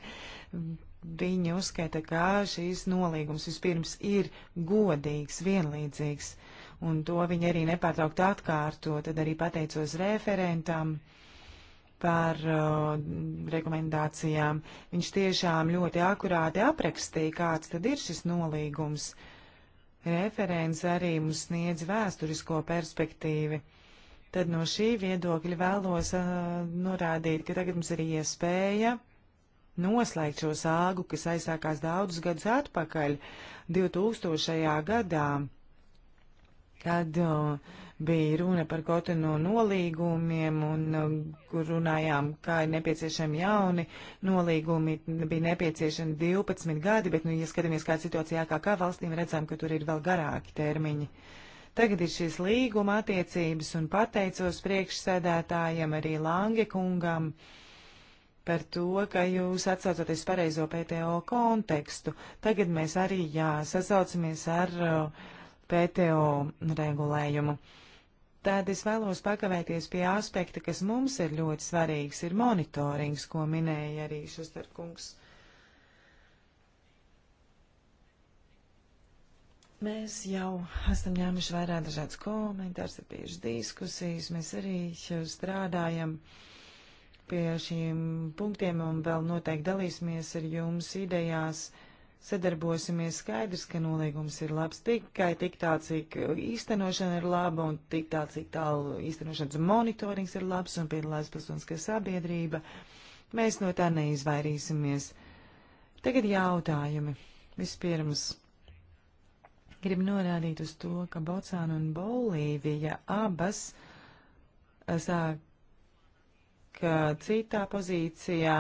[SPEAKER 1] Viņi uzskata, ka šīs nolīgums vispirms ir godīgs, vienlīdzīgs, un to viņi arī nepārtraukt atkārto. Tad arī pateicos referentam par uh, rekomendācijām. Viņš tiešām ļoti akurāti aprakstīja, kāds tad ir šis nolīgums. Referents arī mums sniedz vēsturisko perspektīvi. Tad no šī viedokļa vēlos uh, norādīt, ka tagad mums ir iespēja uh, noslēgt šo sāgu, kas aizsākās daudzus gadus atpakaļ, 2000. gadā, kad o, bija runa par kotenu nolīgumiem un o, kur runājām, kā ir nepieciešami jauni nolīgumi, bija nepieciešami 12 gadi, bet, nu, ja skatāmies kāda situācijā, kā, kā valstīm redzam, ka tur ir vēl garāki termiņi. Tagad ir šīs līguma attiecības un pateicos priekšsēdētājiem arī Lange kungam. Uh, par to, ka jūs atsaucaties pareizo PTO kontekstu. Tagad mēs arī, jā, sasaucamies ar uh, PTO regulējumu. Tad es vēlos pakavēties pie aspekta, kas mums ir ļoti svarīgs, ir monitorings, ko minēja arī Šustarkungs. Mēs jau esam ņēmuši vairāk dažādas komentārus, ir bijušas diskusijas, mēs arī strādājam. Uh, pie šiem punktiem un vēl noteikti dalīsimies ar jums idejās. Sadarbosimies skaidrs, ka nolīgums ir labs tikai tik tā, cik īstenošana ir laba un tik tā, cik tālu īstenošanas monitorings ir labs un piedalās pilsoniskā sabiedrība. Mēs no tā neizvairīsimies. Tagad jautājumi. Vispirms gribu norādīt uz to, ka Bocāna un Bolīvija abas eh, sāk citā pozīcijā.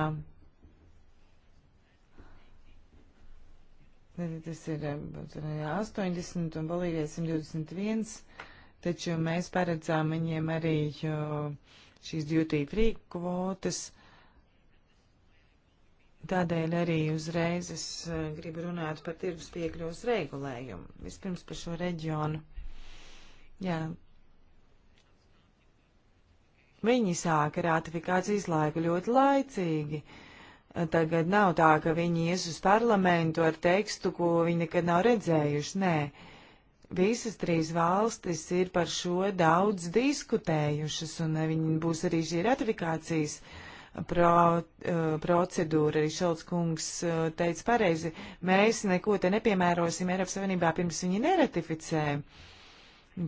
[SPEAKER 1] Tas ir 80 un Bolīvijai 121, taču mēs paredzām viņiem arī šīs duty free kvotas. Tādēļ arī uzreiz es gribu runāt par tirgus piekļuvas regulējumu. Vispirms par šo reģionu. Jā, Viņi sāka ratifikācijas laiku ļoti laicīgi. Tagad nav tā, ka viņi ies uz parlamentu ar tekstu, ko viņi nekad nav redzējuši. Nē, visas trīs valstis ir par šo daudz diskutējušas, un eh, viņi būs arī šī ratifikācijas pro, eh, procedūra. Arī Šalts kungs eh, teica pareizi, mēs neko te nepiemērosim Eiropas Savienībā, pirms viņi neratificē. Uh,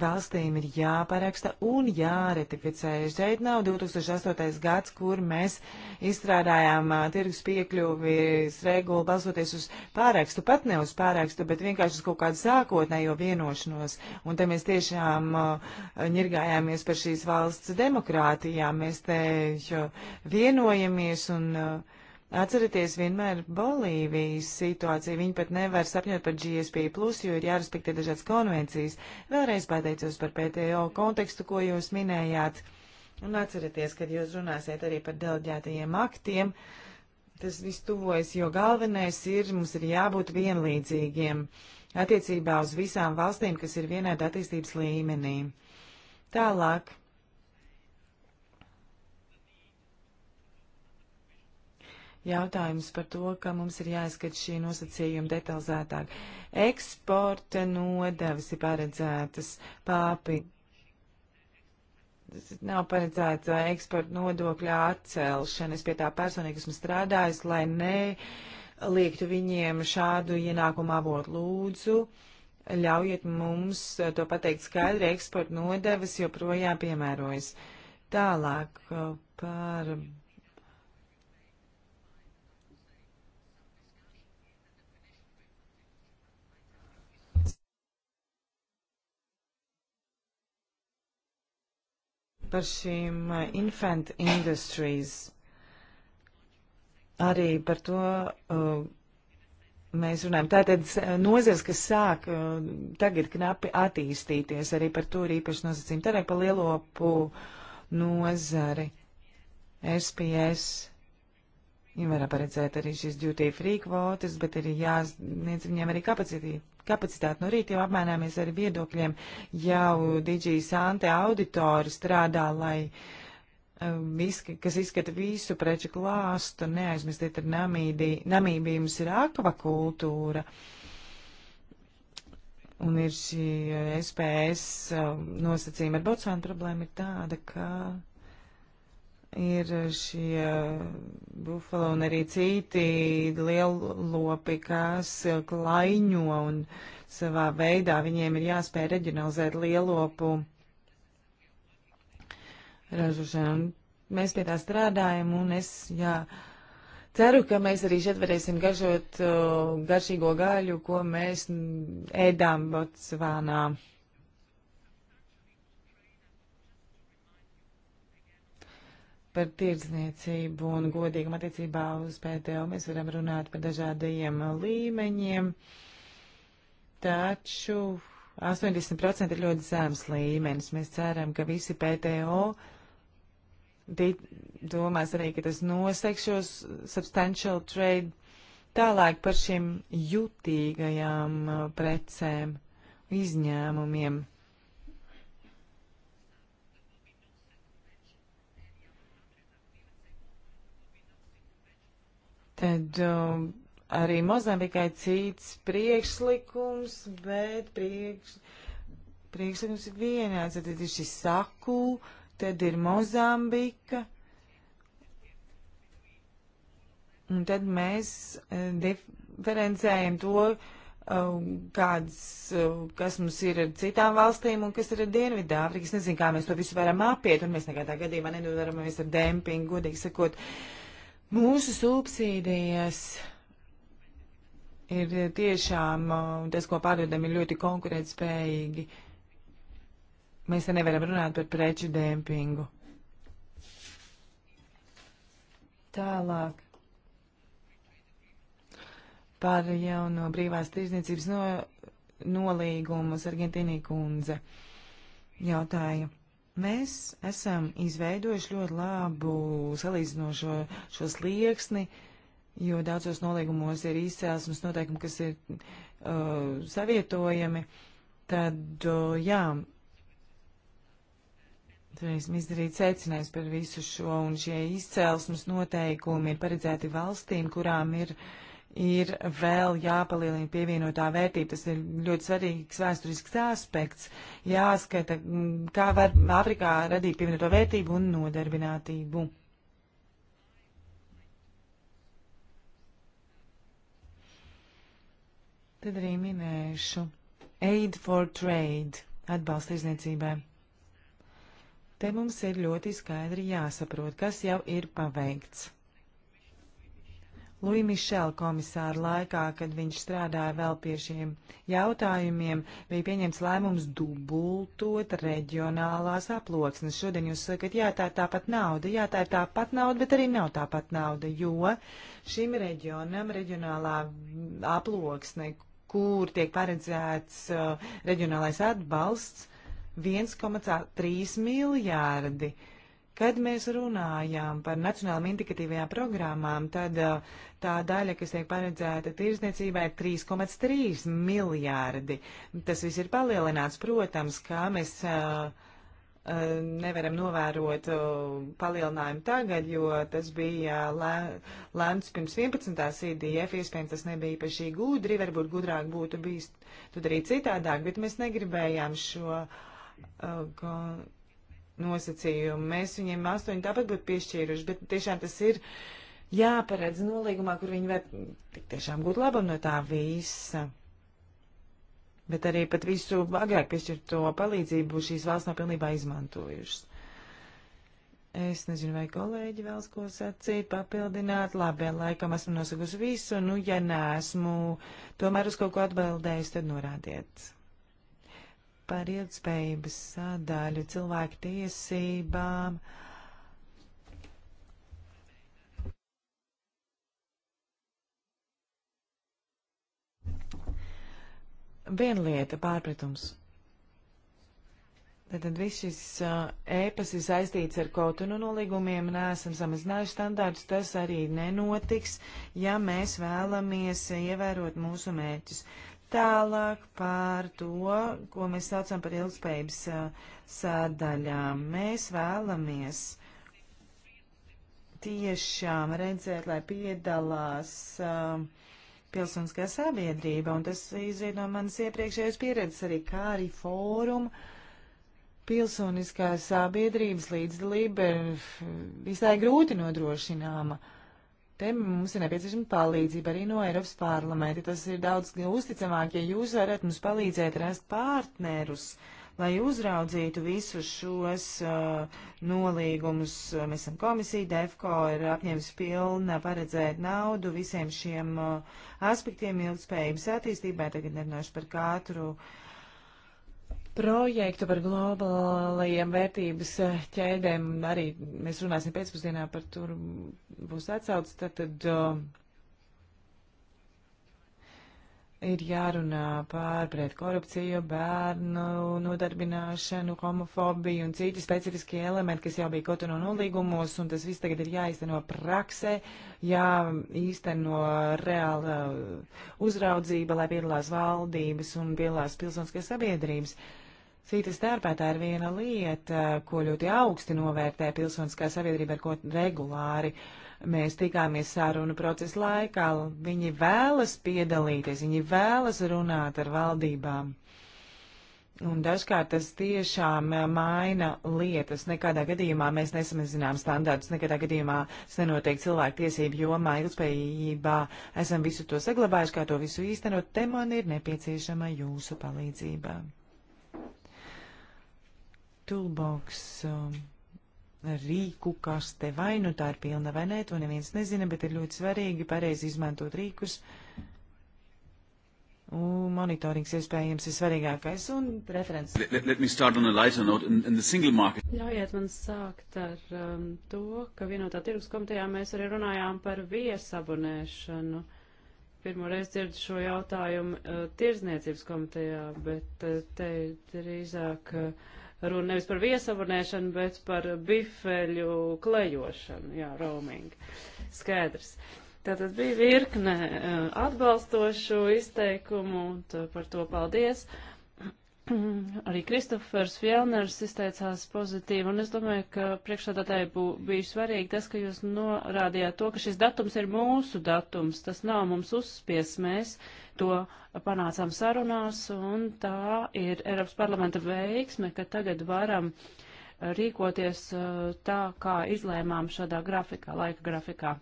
[SPEAKER 1] valstīm ir jāparaksta un jāretificē. Šeit nav 2008. gads, kur mēs izstrādājām uh, tirgus piekļuvis regulu balsoties uz pārakstu, pat ne uz pārakstu, bet vienkārši uz kaut kādu sākotnējo vienošanos. Un te mēs tiešām uh, ņirgājāmies par šīs valsts demokrātijām. Mēs te jo, vienojamies un. Uh, Atcerieties vienmēr Bolīvijas situāciju. Viņi pat nevar sapņot par GSP, plus, jo ir jārespektē dažādas konvencijas. Vēlreiz pateicos par PTO kontekstu, ko jūs minējāt. Un atcerieties, kad jūs runāsiet arī par deleģētajiem aktiem, tas viss tuvojas, jo galvenais ir, mums ir jābūt vienlīdzīgiem attiecībā uz visām valstīm, kas ir vienāda attīstības līmenī. Tālāk jautājums par to, ka mums ir jāizskat šī nosacījuma detalizētāk. Eksporta nodevas ir paredzētas pāpi. Nav paredzēta uh, eksporta nodokļa atcelšana. Es pie tā personīgi esmu strādājis, lai neliektu viņiem šādu ienākumu avotu lūdzu. Ļaujiet mums uh, to pateikt skaidri, eksporta nodevas joprojām piemērojas. Tālāk uh, par par šīm eh, infant industries. Arī par to uh, mēs runājam. Tātad eh, nozars, kas sāk uh, tagad knapi attīstīties, arī par to ir īpaši nosacījumi. Tātad par lielopu nozari. SPS. Viņi var paredzēt arī šīs duty free kvotas, bet ir jāsniedz viņiem arī kapacitīte kapacitāti. No rīta jau apmaināmies ar viedokļiem, jau Digijas Ante auditori strādā, lai viski, um, kas izskata visu preču klāstu, neaizmirstiet ar Namībiju, mums ir akvakultūra. Un ir šī SPS eh, um, nosacījuma ar Botsānu problēma ir tāda, ka ir šie bufalo un arī citi lielopi, kas klaiņo un savā veidā viņiem ir jāspēj reģionalizēt lielopu ražošanu. Mēs pie tā strādājam un es, jā, ceru, ka mēs arī šeit varēsim garšot uh, garšīgo gaļu, ko mēs ēdām Botsvānā. par tirdzniecību un godīgumu attiecībā uz PTO mēs varam runāt par dažādajiem līmeņiem, taču 80% ir ļoti zems līmenis. Mēs ceram, ka visi PTO domās arī, ka tas noseks šos substantial trade tālāk par šiem jutīgajām uh, precēm, izņēmumiem. Tad um, arī Mozambikai cits priekšlikums, bet priekš, priekšlikums ir vienāds. Tad ir šis saku, tad ir Mozambika. Un tad mēs uh, diferencējam to, uh, kāds, uh, kas mums ir ar citām valstīm un kas ir ar Dienvidāfriku. Es nezinu, kā mēs to visu varam apiet, un mēs nekādā gadījumā nedodaramies ar dempingu, godīgi sakot. Uh, Mūsu subsīdijas ir tiešām, un tas, ko pārdodam, ir ļoti konkurētspējīgi. Mēs te nevaram runāt par preču dēmpingu. Tālāk par jauno brīvās tirzniecības no, nolīgumus Argentīnī kundze jautāja. Mēs esam izveidojuši ļoti labu salīdzinošo šo slieksni, jo daudzos nolīgumos ir izcelsmes noteikumi, kas ir uh, savietojami. Tad, uh, jā, Turēsim izdarīt secinājums par visu šo, un šie izcelsmes noteikumi ir paredzēti valstīm, kurām ir uh, ir vēl jāpalielina pievienotā vērtība. Tas ir ļoti svarīgs vēsturisks aspekts. Jāskata, mm, kā var Āfrikā radīt pievienoto vērtību un nodarbinātību. Tad arī minēšu Aid for Trade atbalsta izniecībai. Te mums ir ļoti skaidri jāsaprot, kas jau ir paveikts Lui Mišela komisāra laikā, kad viņš strādāja vēl pie šiem jautājumiem, bija pieņemts lēmums dubultot reģionālās aploksnes. Šodien jūs sakat, jā, tā ir tāpat nauda, jā, tā ir tāpat nauda, bet arī nav tāpat nauda, jo šim reģionam reģionālā aploksne, kur tiek paredzēts uh, reģionālais atbalsts, 1,3 miljārdi. Uh, Kad mēs runājām par nacionālām indikatīvajām programmām, tad uh, tā daļa, kas tiek paredzēta tirzniecībā, ir 3,3 miljārdi. Tas viss ir palielināts, protams, kā mēs uh, uh, nevaram novērot palielinājumu tagad, jo tas bija lēns pirms 11. CDF, iespējams tas nebija pašī gudri, varbūt gudrāk būtu bijis tad arī citādāk, bet mēs negribējām šo. Uh, nosacījumi. Mēs viņiem astoņi tāpat būtu piešķīruši, bet tiešām tas ir jāparedz nolīgumā, kur viņi var tik tiešām būt labam no tā visa. Bet arī pat visu agrāk piešķirto palīdzību šīs valsts nav pilnībā izmantojušas. Es nezinu, vai kolēģi vēlas ko sacīt, papildināt. Labi, laikam esmu nosagusi visu, nu, ja neesmu tomēr uz kaut ko atbildējis, tad norādiet par ilgspējības sadaļu cilvēku tiesībām. Viena lieta - pārpratums. Tātad viss šis ēpas uh, ir saistīts ar kotunu nolīgumiem, neesam samazinājuši standārtus, tas arī nenotiks, ja mēs vēlamies ievērot mūsu mērķus. Tālāk par to, ko mēs saucam par ilgspējības sādaļām. Mēs vēlamies tiešām redzēt, lai piedalās uh, pilsoniskā sabiedrība, un tas izriet no manas iepriekšējās pieredzes arī, kā arī fórumu pilsoniskā sabiedrības līdzdalība ir visai grūti nodrošināma. Uh, Te mums ir nepieciešama palīdzība arī no Eiropas parlamenta. Tas ir daudz uzticamāk, ja jūs varat mums palīdzēt rast partnerus, lai uzraudzītu visus šos uh, nolīgumus. Mēs esam komisija, DEFCO ir apņēmis pilna paredzēt naudu visiem šiem uh, aspektiem ilgspējības attīstībai. Tagad nerunāšu par katru uh, projektu par globālajiem vērtības ķēdēm. Arī mēs runāsim pēcpusdienā par tur būs atsauc. Tad, tad um, ir jārunā par pret korupciju, bērnu nodarbināšanu, homofobiju un citi specifiskie elementi, kas jau bija kotono nolīgumos, un tas viss tagad ir jāizteno praksē, jāīsteno reāla uzraudzība, lai piedalās valdības un piedalās pilsoniskās sabiedrības. Uh, Sītas darbā tā ir viena lieta, ko ļoti augsti novērtē pilsoniskā sabiedrība, ar ko regulāri mēs tikāmies sarunu procesa laikā. Viņi vēlas piedalīties, viņi vēlas runāt ar valdībām. Un dažkārt tas tiešām eh, maina lietas. Nekādā gadījumā mēs nesamazinām standārtus, nekādā gadījumā tas nenotiek cilvēku tiesību jomā, ilgspējībā. Esam visu to saglabājuši, kā to visu īstenot. Te man ir nepieciešama jūsu palīdzība toolbox um, rīku kaste. Vai nu tā ir pilna vai nē, to neviens nezina, bet ir ļoti svarīgi pareizi izmantot rīkus. Un monitorings iespējams ir svarīgākais un preferences.
[SPEAKER 2] Ļaujiet man sākt ar um, to, ka vienotā tirgus komitejā mēs arī runājām par viesabonēšanu. Pirmo reizi dzirdu šo jautājumu uh, tirzniecības komitejā, bet uh, te drīzāk. Uh, runa nevis par viesabonēšanu, bet par bifeļu klejošanu, jā, roaming. Skaidrs. Tātad bija virkne e, atbalstošu izteikumu, un par to paldies. Arī Kristofers Fjellners izteicās pozitīvi, un es domāju, ka priekšādātāji bija svarīgi tas, ka jūs norādījāt to, ka šis datums ir mūsu datums, tas nav mums uzspies, mēs To panācām sarunās, un tā ir Eiropas parlamenta veiksme, ka tagad varam rīkoties uh, tā, kā izlēmām šādā grafikā, laika grafikā.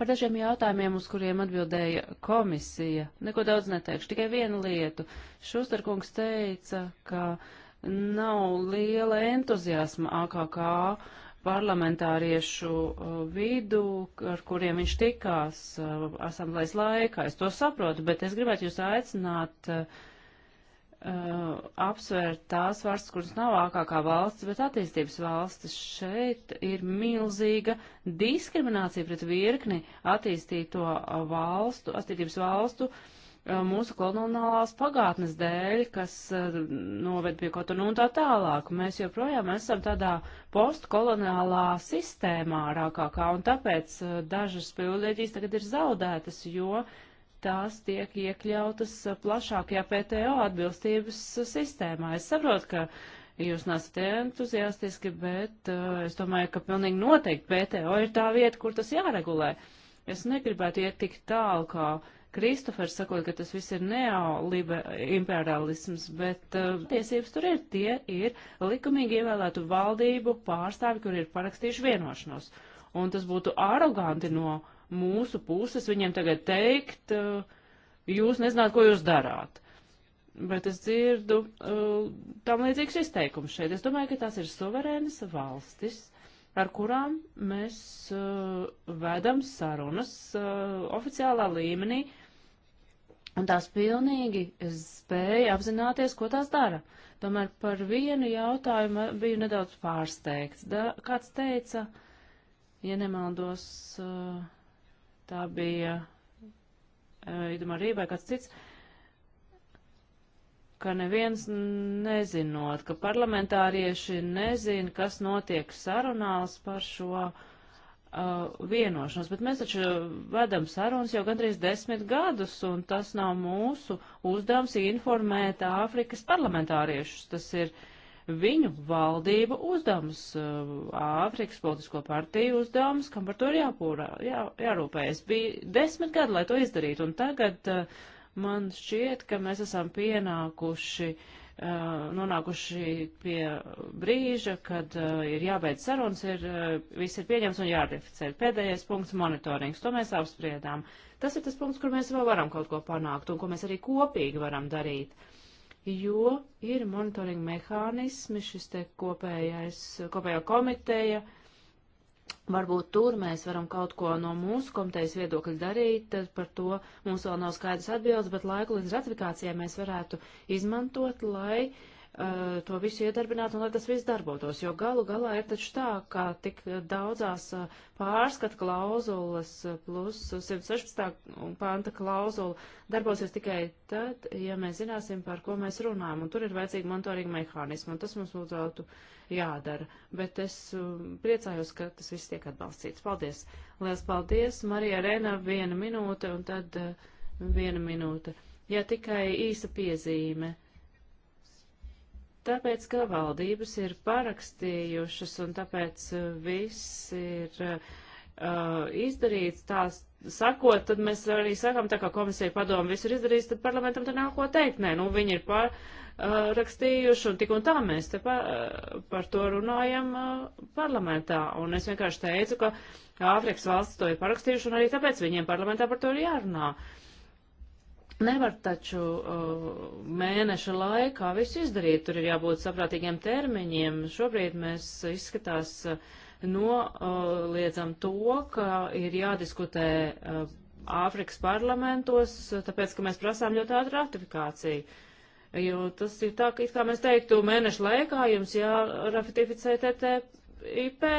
[SPEAKER 2] Par dažiem jautājumiem, uz kuriem atbildēja komisija, neko daudz neteikšu, tikai vienu lietu. Šusterkungs teica, ka nav liela entuziasma AKK parlamentāriešu uh, vidū, ar kuriem viņš tikās uh, asamblējas laikā. Es to saprotu, bet es gribētu jūs aicināt uh, uh apsvērt tās valsts, kuras nav ākākā valsts, bet attīstības valstis. Šeit ir milzīga diskriminācija pret virkni attīstīto valstu, attīstības valstu, uh, mūsu kolonālās pagātnes dēļ, kas noved pie kaut nu un tā tālāk. Mēs joprojām esam tādā postkoloniālā sistēmā rākākā, un tāpēc dažas privileģijas tagad ir zaudētas, jo tās tiek iekļautas plašākajā PTO atbilstības sistēmā. Es saprotu, ka jūs nesat entuziastiski, bet uh, es domāju, ka pilnīgi noteikti PTO ir tā vieta, kur tas jāregulē. Es negribētu iet tik tālu, kā uh, Kristofers sakot, ka tas viss ir neoliberālisms, bet uh, tiesības tur ir. Tie ir likumīgi ievēlētu valdību pārstāvi, kur ir parakstījuši vienošanos. Un tas būtu aroganti no mūsu puses viņiem tagad teikt, uh, jūs nezināt, ko jūs darāt. Bet es dzirdu uh, tam līdzīgs izteikums šeit. Es domāju, ka tās ir suverēnas valstis, ar kurām mēs uh, vedam sarunas uh, oficiālā līmenī uh, Un tās pilnīgi spēja apzināties, ko tās dara. Tomēr par vienu jautājumu biju nedaudz pārsteigts. Da, kāds teica, ja nemaldos, tā bija, idumā arī vai kāds cits, ka neviens nezinot, ka parlamentārieši nezin, kas notiek sarunās par šo uh, Uh, vienošanos, bet mēs taču vedam sarunas jau gandrīz desmit gadus, un tas nav mūsu uzdevums informēt Āfrikas parlamentāriešus. Tas ir viņu valdību uzdevums, uh, Āfrikas politisko partiju uzdevums, kam par to ir jāpūrā, jā, jārūpējas. Bija desmit gadi, lai to izdarītu, un tagad uh, man šķiet, ka mēs esam pienākuši uh, Eh, nonākuši pie brīža, kad eh, ir jābeidz sarunas, ir, eh, viss ir pieņems un jāratificē. Pēdējais punkts - monitorings. To mēs apspriedām. Tas ir tas punkts, kur mēs vēl varam kaut ko panākt un ko mēs arī kopīgi varam darīt. Jo ir monitoringa mehānismi, šis te kopējais, kopējā komiteja, uh, Varbūt tur mēs varam kaut ko no mūsu komitejas viedokļa darīt, par to mums vēl nav skaidrs atbildes, bet laiku līdz ratifikācijai mēs varētu izmantot, lai uh, uh, to visu iedarbinātu un lai tas viss darbotos. Jo galu galā ir taču tā, ka tik daudzās uh, pārskata klauzulas uh, plus 116. panta klauzula darbosies tikai tad, ja mēs zināsim, par ko mēs runājam. Un tur ir vajadzīgi monitoringa mehānismi, un tas mums lūdzētu jādara. Bet es uh, priecājos, ka tas viss tiek atbalstīts. Paldies! Lielas paldies! Marija Rena, viena minūte, un tad uh, viena minūte. Ja tikai īsa piezīme. Uh, Tāpēc, ka valdības ir parakstījušas un tāpēc uh, viss ir uh, uh izdarīts tās sakot, tad mēs arī sakam, tā kā komisija padomu visu ir izdarījis, tad parlamentam te nav ko teikt. Nē, nu viņi ir parakstījuši uh, un tik un tā mēs te pa, par to runājam uh, parlamentā. Un es vienkārši teicu, ka Āfrikas valsts to ir parakstījuši un arī tāpēc viņiem parlamentā par to ir jārunā. Uh, Nevar taču uh, mēneša laikā visu izdarīt, tur ir jābūt saprātīgiem termiņiem. Šobrīd mēs izskatās uh, noliedzam uh, to, ka ir jādiskutē uh, Āfrikas parlamentos, uh, tāpēc, ka mēs prasām ļoti ātru ratifikāciju. Jo tas ir tā, ka it kā mēs teiktu, mēneša laikā jums jāratificē TTIP.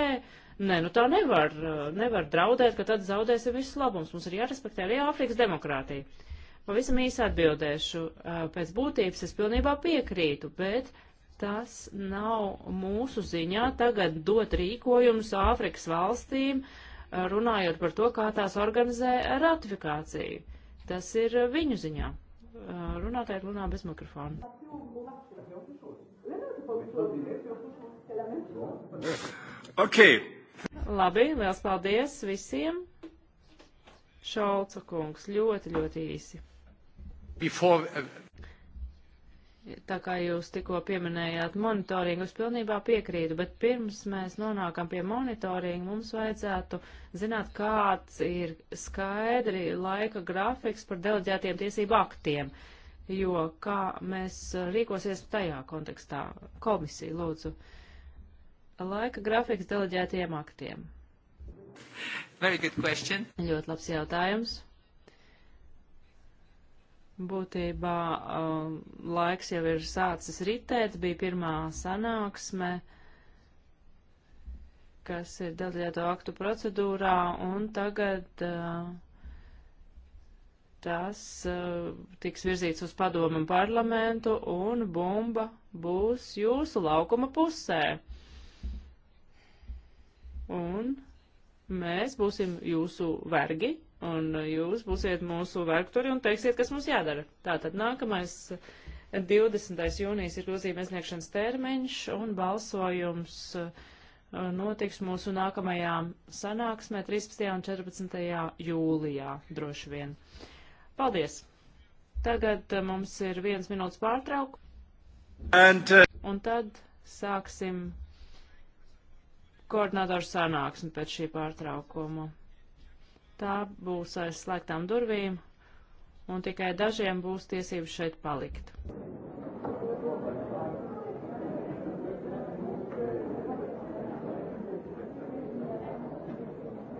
[SPEAKER 2] Nē, nu tā nevar, uh, nevar draudēt, ka tad zaudēsim visus labums. Mums ir jārespektē arī Āfrikas demokrātija. Pavisam īsi atbildēšu. Pēc būtības es pilnībā piekrītu, bet tas nav mūsu ziņā tagad dot rīkojumus Āfrikas valstīm, runājot par to, kā tās organizē ratifikāciju. Tas ir viņu ziņā. Runātāji runā bez mikrofona. Okay. Labi, liels paldies visiem. Šolca kungs, ļoti, ļoti īsi. Before... Uh, Tā kā jūs tikko pieminējāt monitoringu, es pilnībā piekrītu, bet pirms mēs nonākam pie monitoringa, mums vajadzētu zināt, kāds ir skaidri laika grafiks par deleģētiem tiesību aktiem, jo kā mēs rīkosies tajā kontekstā. Komisija, lūdzu. Laika grafiks deleģētiem aktiem. Very good question. Ļoti labs jautājums. Būtībā um, laiks jau ir sācis ritēt, bija pirmā sanāksme, kas ir dalīto aktu procedūrā, un tagad uh, tas uh, tiks virzīts uz padomu un parlamentu, un bumba būs jūsu laukuma pusē. Un mēs būsim jūsu vergi, Un jūs būsiet mūsu vergturi un teiksiet, kas mums jādara. Tātad nākamais 20. jūnijas ir grozījuma iesniegšanas termiņš un balsojums uh, notiks mūsu nākamajā sanāksmē 13. un 14. jūlijā droši vien. Paldies! Tagad uh, mums ir viens minūtes pārtrauk. And, uh... Un tad sāksim koordinātoru sanāksmi pēc šī pārtraukuma. Tā būs aiz slēgtām durvīm, un tikai dažiem būs tiesības šeit palikt.